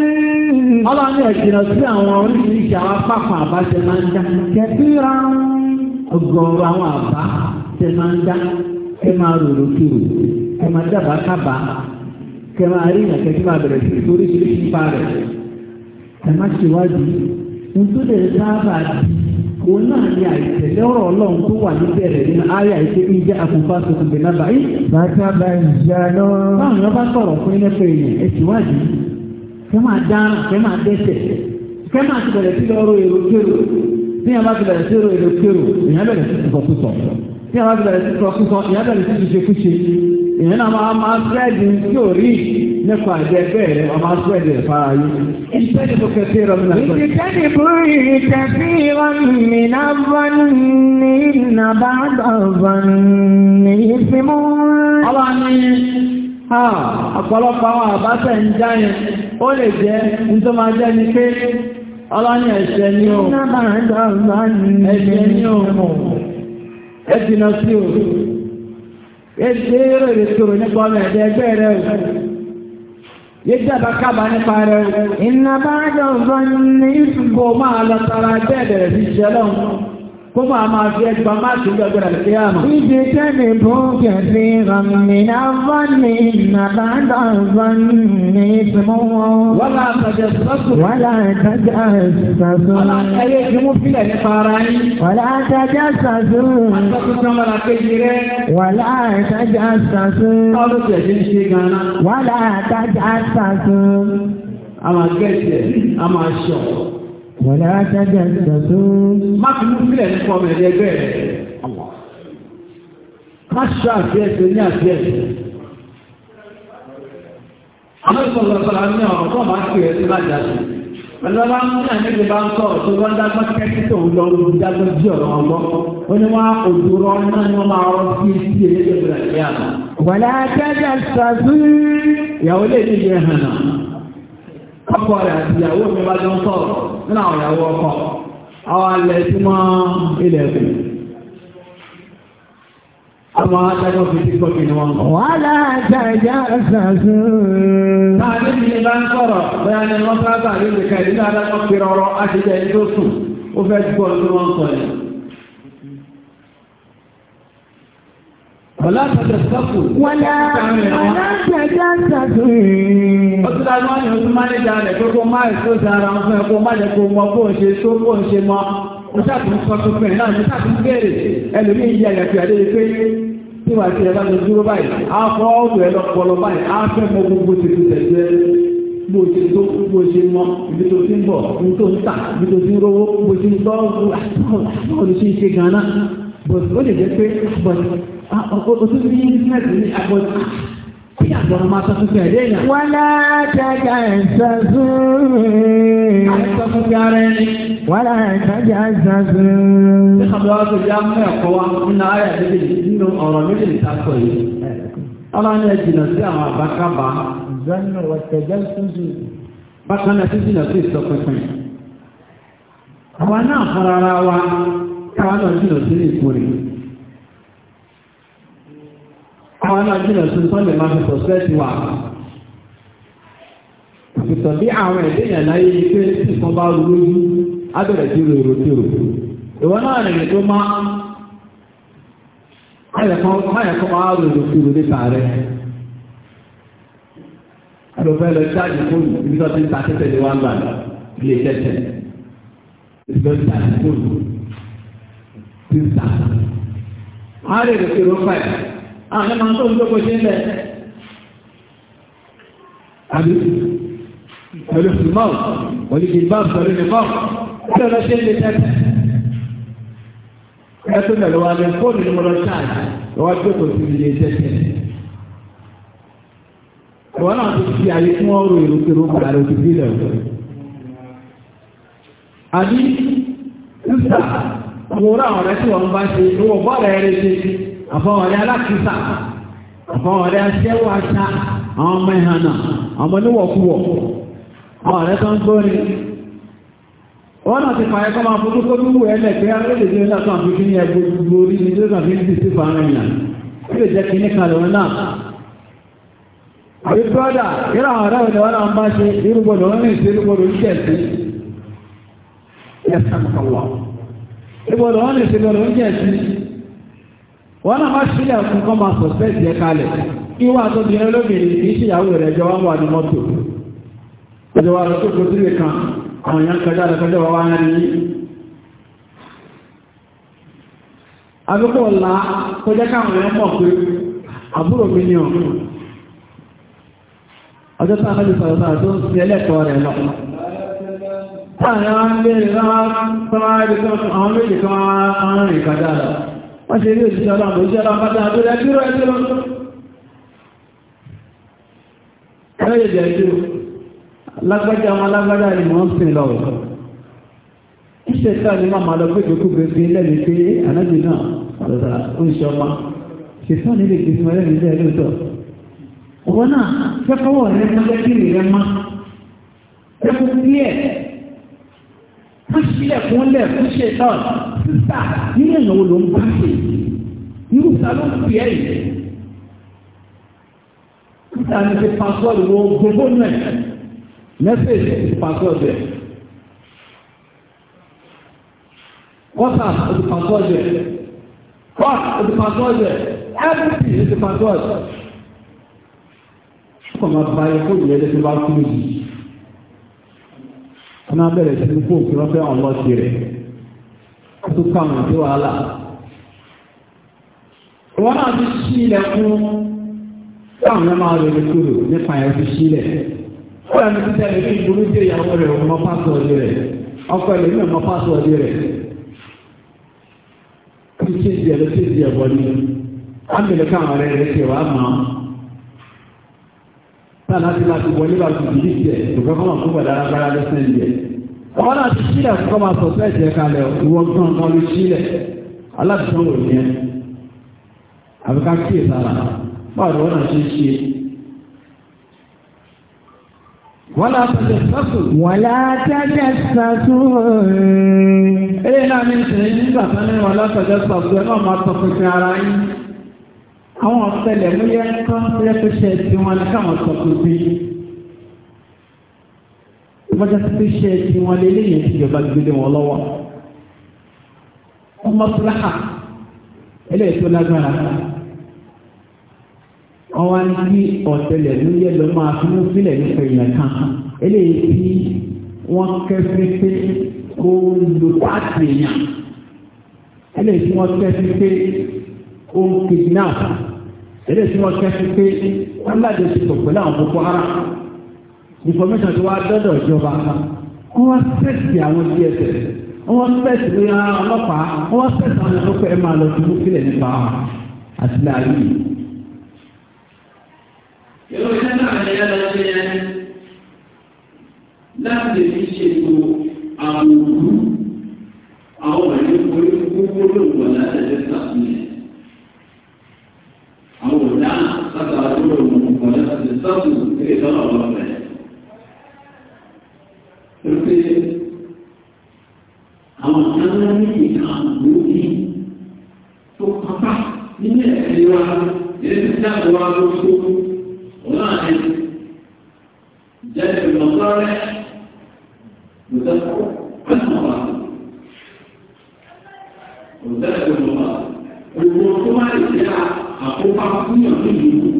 Ọlọ́run ní ẹ̀jìnà sí àwọn oríṣiríṣi àwọn apá kan àbájẹ máa ń dá. Kẹfìrọ̀. ọgọọrọ àwọn àbá tẹ máa ń dá kẹ máa rorò kiri kẹ máa dábàá kábà kẹ máa rí ìyàkẹ́ tí máa bẹ̀rẹ̀ sí oríṣiríṣi pa rẹ̀ ẹ má sábà di òun náà ni àìtẹ̀lé ọ̀rọ̀ ọlọ́run tó wà níbẹ̀ rẹ̀ nínú ayé àìṣe bí jẹ́ àkùnfà tuntun bẹ̀ náà báyìí. bàtà lọ. báwo ni wọ́n bá sọ̀rọ̀ fún iná èèyàn sì wádìí kẹ́ máa kẹ́ tí a bá ti bẹ̀rẹ̀ sí ro èrò kéro èèyàn bẹ̀rẹ̀ sí sọ̀kúsọ̀ tí a bá ti bẹ̀rẹ̀ sí sọ̀kúsọ̀ èèyàn bẹ̀rẹ̀ sí ṣiṣekúṣe èèyàn náà máa máa fẹ́ẹ̀dì tí ò rí nípa ẹ̀jẹ̀ bẹ́ẹ̀ rẹ̀ máa fẹ́ẹ̀dì rẹ̀ fara yìí. ìtẹ́ni bó kẹsí rọ mìíràn sọ. ìtẹ́ni bó kẹsí rọ mìíràn bọ́ ní nàbà bọ̀ ní ìfimú. ọlọ́ni Ọlọ́ni ẹ̀ṣẹ̀ ni ó. Ẹ̀ṣẹ̀ ni ó. Ẹ̀ṣìnà sí ò. Ẹ̀ṣẹ̀ rèrè sọ̀rọ̀ nípa ọmọ ẹ̀dẹ̀ ẹgbẹ́ rẹ̀ ò. Yéjì àbákábà nípa rẹ̀ ò. Ìnàbájọ́ ọ̀gbọ́n ní ìfúgbọ́ máa lọ tara bẹ́ẹ̀ bẹ̀rẹ̀ kó máa máa fi ẹgbà máa ṣe ní ọgbẹ̀rẹ̀ àti àmà. Ibi tẹ́lẹ̀ bó kẹ̀sí ràmìnà fánì nàbàdà fánì ìsìnmọ́ wọn. Wọ́n máa tàjẹ̀ sọ́sùn. Wọ́n láà tàjẹ̀ sọ́sùn. Wọ́n láà ẹyẹ tí mo fílẹ̀ nípa ara yín. Wọ́n láà tàjẹ̀ sọ́sùn. Àtọ́kùnrin ọmọ làkejì rẹ̀. Wọ́n láà tàjẹ̀ sọ́sùn. Ọlọ́ tẹ̀sí ń ṣe gan-an. Wọ́n láà tàjẹ̀ sọ́sùn. gẹ̀ẹ́sì, Wọ̀lá ajájá ìdọ̀tó. Má fi mú sílẹ̀ nípa ọmọ ẹ̀rí ẹgbẹ́ rẹ̀. Má ṣe àti ẹsẹ̀ ní àti ẹsẹ̀. Àwọn ìfọ̀lọ̀fọ̀lá ní ọ̀rọ̀ tó máa ń pè é sí lájà sí. Pẹ̀lú ọlá ń ní àníbi bá tó bá dágbọ́n kẹ́kí tó ń lọ lórí dágbọ́n jí ọ̀rọ̀ ọgbọ́n. Ó ní wá òjò rọ náà ni wọ́n máa rọ sí sí eléyìí ìgbà ìyá. Wọ̀lá ajájá ìsàzú. Ìyàwó ọkọ rẹ̀ àti ìyàwó mi bá jọ ń sọ̀rọ̀ nínú àwọn ìyàwó ọkọ àwọn alẹ́ tí mọ́ ilẹ̀kùn àwọn adájọ́ fi ti kọ́kì ni wọ́n kọ́. wọ́n láàájá ṣàṣù. náà níbi bá ń sọ̀rọ̀ bóyá ni wọ́n sábà Wàlá àtàjàsàkù. Wàlá àtàjàsàkù. Ọtí ta ni wọ́n yàn tún mánéjà rẹ̀ pé kó máa èso ti ara wọn fún ẹ kó má jẹ́ kó mọ bó ń ṣe tó bó ń ṣe mọ. Mo ṣàtún sọ tó fún ẹ náà mo ṣàtún béèrè ẹlòmíì yí àyàfi àdéhùn pé tí wàá ti ẹ̀dá mi dúró báyìí. A fọ ọ̀dọ̀ ẹ lọ́pọ̀lọ́ báyìí. A fẹ́ mọ gbogbo ti ti tẹ̀sẹ̀ bó ṣe tó bó ṣe mọ ibi tó ti ń bọ̀ ibi tó ń tà ibi tó ti ń rówó bó ṣe ń tọ́ bó ṣe ń ṣe gan-an. Bọ̀dé ó lè jẹ́ pé bọ̀dé òtútù yín bísínẹ́sì ní agbọ́dọ̀ kí àgbọ̀nà máa ọlọ́run ẹ̀ sí àwọn àbákábà. ìzánú ọ̀tẹ̀jẹ́ tuntun. bákan náà títí sí ìsọpinpin. àwa náà fara ara wa káwa náà jìnnà sí ìkórè. káwọn náà jìnà sí sọ́lẹ̀ máa fi sọ̀sẹ́ẹ̀tì wà. Àfìsàn bí àwọn ẹ̀dẹ́yàn láyé ni pé tí nǹkan bá rú lójú, á bẹ̀rẹ̀ sí rèrò tèrò. Ìwọ náà rìn tó máa máyà kan máa rèrò tèrò nípa rẹ̀. Àlọ́fẹ́ lọ ṣáàjì fóònù ibi tó ti ń ta tẹ́tẹ́ ní wá ń gbà ilé tẹ́tẹ́. Ibi tó ti ta fóònù ti ń àwọn ẹmọ tó ń tó kò ṣe ń bẹ̀ àbí pẹ̀lú ṣùgbọ́n olùdí bá pẹ̀lú nìkan tí ọ̀rọ̀ ṣe ń lè tẹ́tẹ́ ẹ̀tọ́ mẹ́lẹ̀ wà ní fóònù ní mọ́lọ́ ṣáàjì lọ́wọ́ tó kò sí ilé tẹ́tẹ́ ìwọ́n náà ti fi àyè fún ọrọ̀ èrò kéré òkúta rẹ̀ ti bí lẹ̀ àbí sísà àwọn ọ̀rẹ́ tí wọ́n bá ṣe ìwọ̀n bá rẹ̀ rẹ̀ ṣe àfọwọ́rẹ́ alákìísà àfọwọ́rẹ́ aṣẹ́wó aṣá àwọn ọmọ ìhànà ọmọ oníwọ̀kúwọ̀ àwọn ọ̀rẹ́ tó ń gbórí wọ́n náà ti pààyẹ kọ́ máa fojú kó lúwù ẹlẹ̀ pé arẹ́lẹ̀dẹ́ látọ̀ wọn náà ṣe irúgbọdọ̀ wọn sí ẹ̀sán wọ́n náà má sílẹ̀ fún kọ́ máa sọ̀sẹ́ẹ̀tì ẹ̀ kalẹ̀ kí wọ́n àtọ́bìnrin lóbìnrin kì í ṣìyàwó rẹ̀ jọ wọ́n wà ní mọ́tò ọjọ́ wa lọ tó kó sílẹ̀ kan àwọn èèyàn kọjá lọ́kọjọ́ wa wá rí àbíkọ́ ọ̀la kó jẹ́ káwọn èèyàn mọ̀ pé àbúrò mi ni ọ̀hún ọjọ́ tá a fẹ́ lè sọ̀rọ̀ sọ̀rọ̀ tó ń fi ẹlẹ́tọ̀ọ́ rẹ̀ lọ Àwọn méjì kan máa ń rìn kọjá lọ wọ́n ṣe rí òṣìṣẹ́ ọlọ́run òṣìṣẹ́ ọlọ́run bátà tó rẹ̀ dúró ẹjọ́ lọ ẹ̀rẹ́ ìjẹ́ ìjọ lágbájá ọmọ lágbájá ni wọ́n sì lọ ìṣẹ́ sáà ní màmá lọ pé kókó bèbè lẹ́nu pé ànábì náà ọ̀dọ̀dà ó ń ṣe ọmọ ṣètò nílé ìgbésí mọ́ lẹ́nu má sílẹ̀ fún lẹ̀ fún ṣe náà sísà nínú èèyàn wo ló ń bá ṣe irú ta ló ń pè é yìí sísà ní ti pàṣọ́ọ̀lù wo gbogbo náà mẹ́sẹ̀jì ti pàṣọ́ọ̀lù ẹ̀ WhatsApp ó ti pàṣọ́ọ̀lù ẹ̀ WhatsApp ó ti pàṣọ́ọ̀lù ẹ̀ everything ó ti pàṣọ́ọ̀lù ẹ̀ kọ̀ máa bá ẹ kó ìrẹ́lẹ́ tó bá kú nìyí ọmọ abẹ́rẹ́ sí ní fóònù tí wọ́n fẹ́ ọ̀nà ọ̀sẹ̀ rẹ̀ tó káwọn tí wàhálà. wọ́n náà ti ṣí ilẹ̀ fún táwọn ọmọ rẹ̀ lè kúrò nípa ẹ̀ fi ṣí ilẹ̀. wọ́n yẹn ti tẹ̀lé ní ìgboro tí ìyàwó rẹ̀ ọmọ pásọ̀dì rẹ̀ ọkọ rẹ̀ ní ọmọ pásọ̀dì rẹ̀. kí ṣe ìjẹ̀lẹ̀ ṣe ìjẹ̀bọ̀ ni. á náà láti máa ti wọlé bá ti bìlí tiẹ̀ ìgbà kọ́mọ̀ tó bọ̀ dára gbára lẹ́sẹ̀ ń yẹ. ọ̀wọ́n náà ti sílẹ̀ kọ́ máa sọ fẹ́ jẹ́ kalẹ̀ ìwọ gan kan ló sílẹ̀ aláàbìsàn wò ní ẹ. àbí ká kíyè sára báwo ni wọ́n náà ṣe ń ṣe. wọ́n náà tẹ̀lé sásù. wọ́n náà tẹ̀lé sásù. eré náà ní ìṣẹ̀lẹ̀ nígbà tán ní wọn látọ̀jọ́ sọ̀tún ẹ náà máa tọpinpin ara yín àwọn ọ̀sẹ̀lẹ̀ ló yẹ kọ́ yẹ kó ṣe ti wọn ní káwọn sọ tó bí ìbájá tó fi ṣe ti wọn lé lẹ́yìn ìjọba gbélé wọn lọ́wọ́ ọmọ fúláhà eléyìí tó lágbára ọwọ́ ní kí ọ̀sẹ̀lẹ̀ ló yẹ lọ máa fi mú sílẹ̀ nípa èèyàn kan eléyìí tí wọ́n kẹ́fẹ́ pé kó lò pàtì èèyàn eléyìí tí wọ́n kẹ́fẹ́ pé ó ń kidnap ilé tí wọ́n kẹ́sí pé wọ́n láti ti pọ̀ pẹ̀lú àwọn Boko Haram information tí wọ́n á dọ́dọ̀ ìjọba wọ́n fẹ́ẹ̀sì àwọn DSS wọ́n fẹ́ẹ̀sì ní ọlọ́pàá wọ́n fẹ́ẹ̀sì àwọn ọlọ́pàá ẹ̀ máa lọ dúró sílẹ̀ nípa àtìláyé. yóò ṣe náà ní ẹ̀rọ ṣe yẹn láti fi ṣètò àwọn òkú àwọn ọ̀rẹ́ orí gbogbo lóògùn láti ẹ̀jẹ̀ sàfihàn. الأمور المخالفة للصبر كيف شرع الله ذلك Porque àwọn kan ní ìkan lórí tó kọ́kà nínú ẹ̀sìn wa ẹni tí a wà lóṣù ọ̀làrin jẹ́ ìmọ̀sọ́rẹ́ lọ́sẹ̀kọ̀ pẹ̀lú wa. Òṣèlú wa, òwò tó máa ń ṣe àkópa fún ìyànjú ìlú.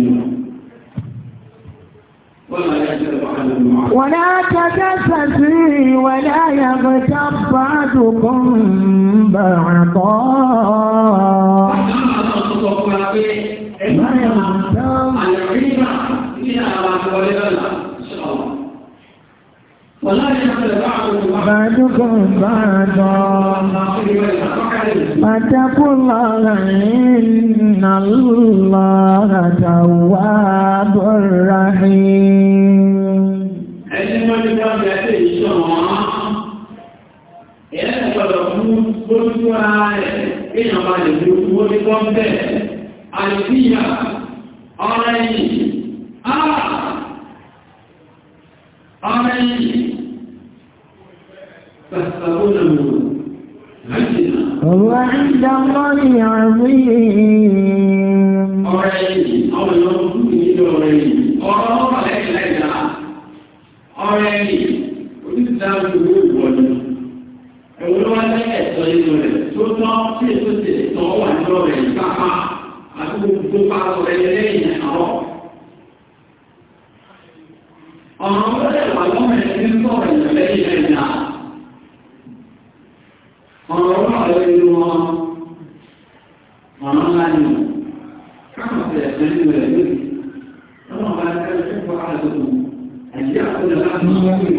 ولا تجسسي ولا يغتب بعضكم بعضا ما يغتب ولا يغتب بعض بعدكم بعضا فاتقوا الله إن الله تواب رحيم Ìyẹn gbọ́dọ̀ fún gbójú ara rẹ̀ èèyàn bá lè fi owó ní kọ́ńtẹ̀, àìsíyà, ọ̀rẹ́ yìí, àà, هو عند الله عظيم Ẹ̀wọ̀n wá lẹ́yẹ̀ ẹ̀sọ́ inú rẹ̀ tó tọ́ sí èso ti ẹ̀sọ́ wà ní ọ̀rẹ̀ ìpápá àti gbogbo bá sọ ẹ̀yẹ lẹ́yìn àwọn. Ọ̀rọ̀ ọ̀rẹ́ wà lọ́mọ̀ ẹ̀sìn sọ̀rọ̀ ìrẹ̀lẹ́ ọ̀rọ̀ náà lórí wọn ọ̀nà ńlá ni káwọn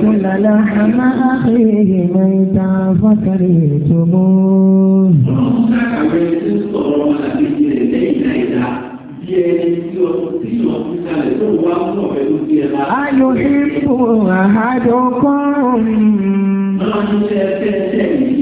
كل لحم أخيه ميتا فكرهتموه أيحب أحدكم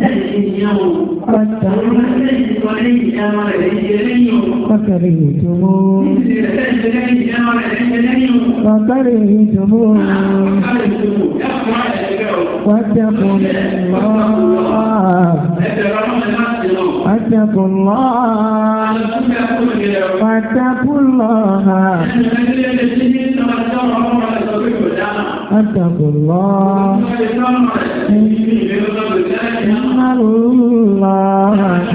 Fọ́kẹ̀rẹ̀ ìjọmọ́. Fọ́kẹ̀rẹ̀ ìjọmọ́. Wájẹ́kùn lọ́wọ́. Wájẹ́kùn lọ́wọ́. Wájẹ́kùn lọ́wọ́. Wájẹ́kùn lọ́wọ́. الله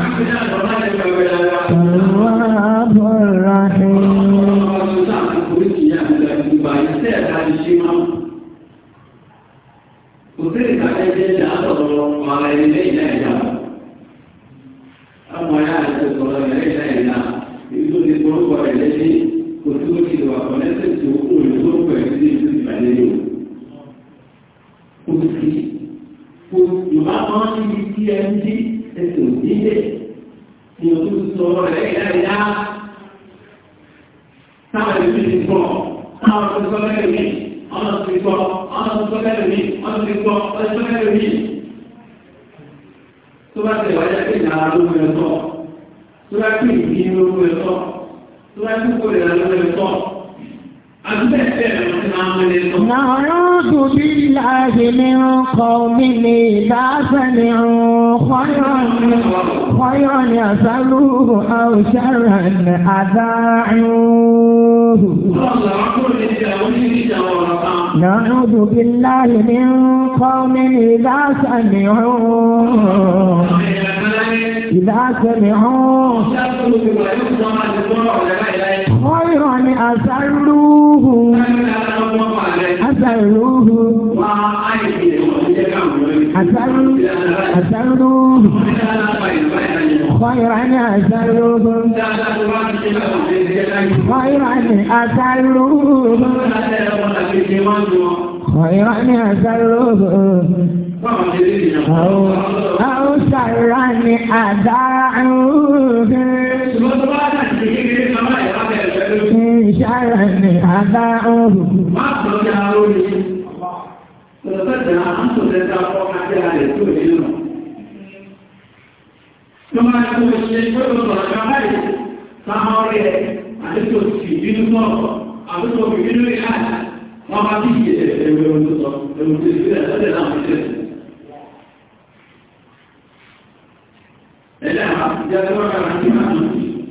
Ọ̀yọ́ni àtàrò. Ọ̀yọ́ni àtàrò. Àwọn sàrà ni àdáhùn. Ìṣàrà ni àdáhùn.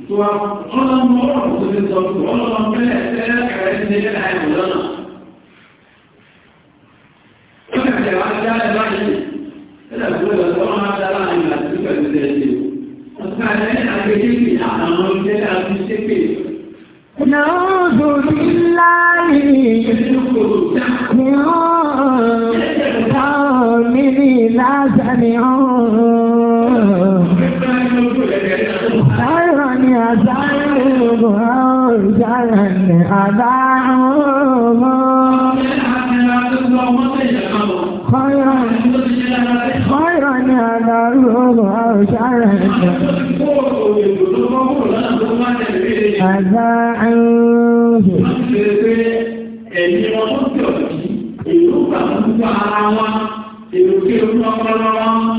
وعلم ورحمة بالضبط وعلم بلا احتاج على إذن الله عن مولانا وكما تعالى تعالى بعد الأبواب الضرورة تعالى عن المسكة بالتأثير وفعلا عن كثير عن المسكة عن المسكة نعوذ بالله من شر الحاسد Ẹ̀yìn ọmọ tí ọ̀dí, èrò gbà ń gbà ara wọn, èrò kí ó ń lọ́pọ̀lọ́wọ́.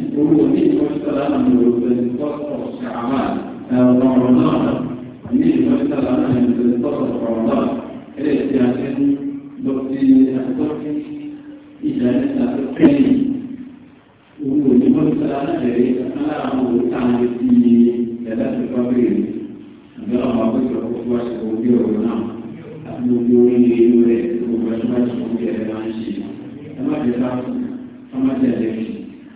النبي صلى الله عليه وسلم يقصر شعبان رمضان النبي صلى الله عليه وسلم يقصر رمضان إلى سياسته بقي أحضره إلى نساء القيم وهو النبي صلى الله عليه وسلم أمره تعالى في ثلاثة فبراير أمر الله بكر وقوة وبيع ونعم أبنو بيوري وبيع وبيع وبيع وبيع وبيع وبيع وبيع وبيع وبيع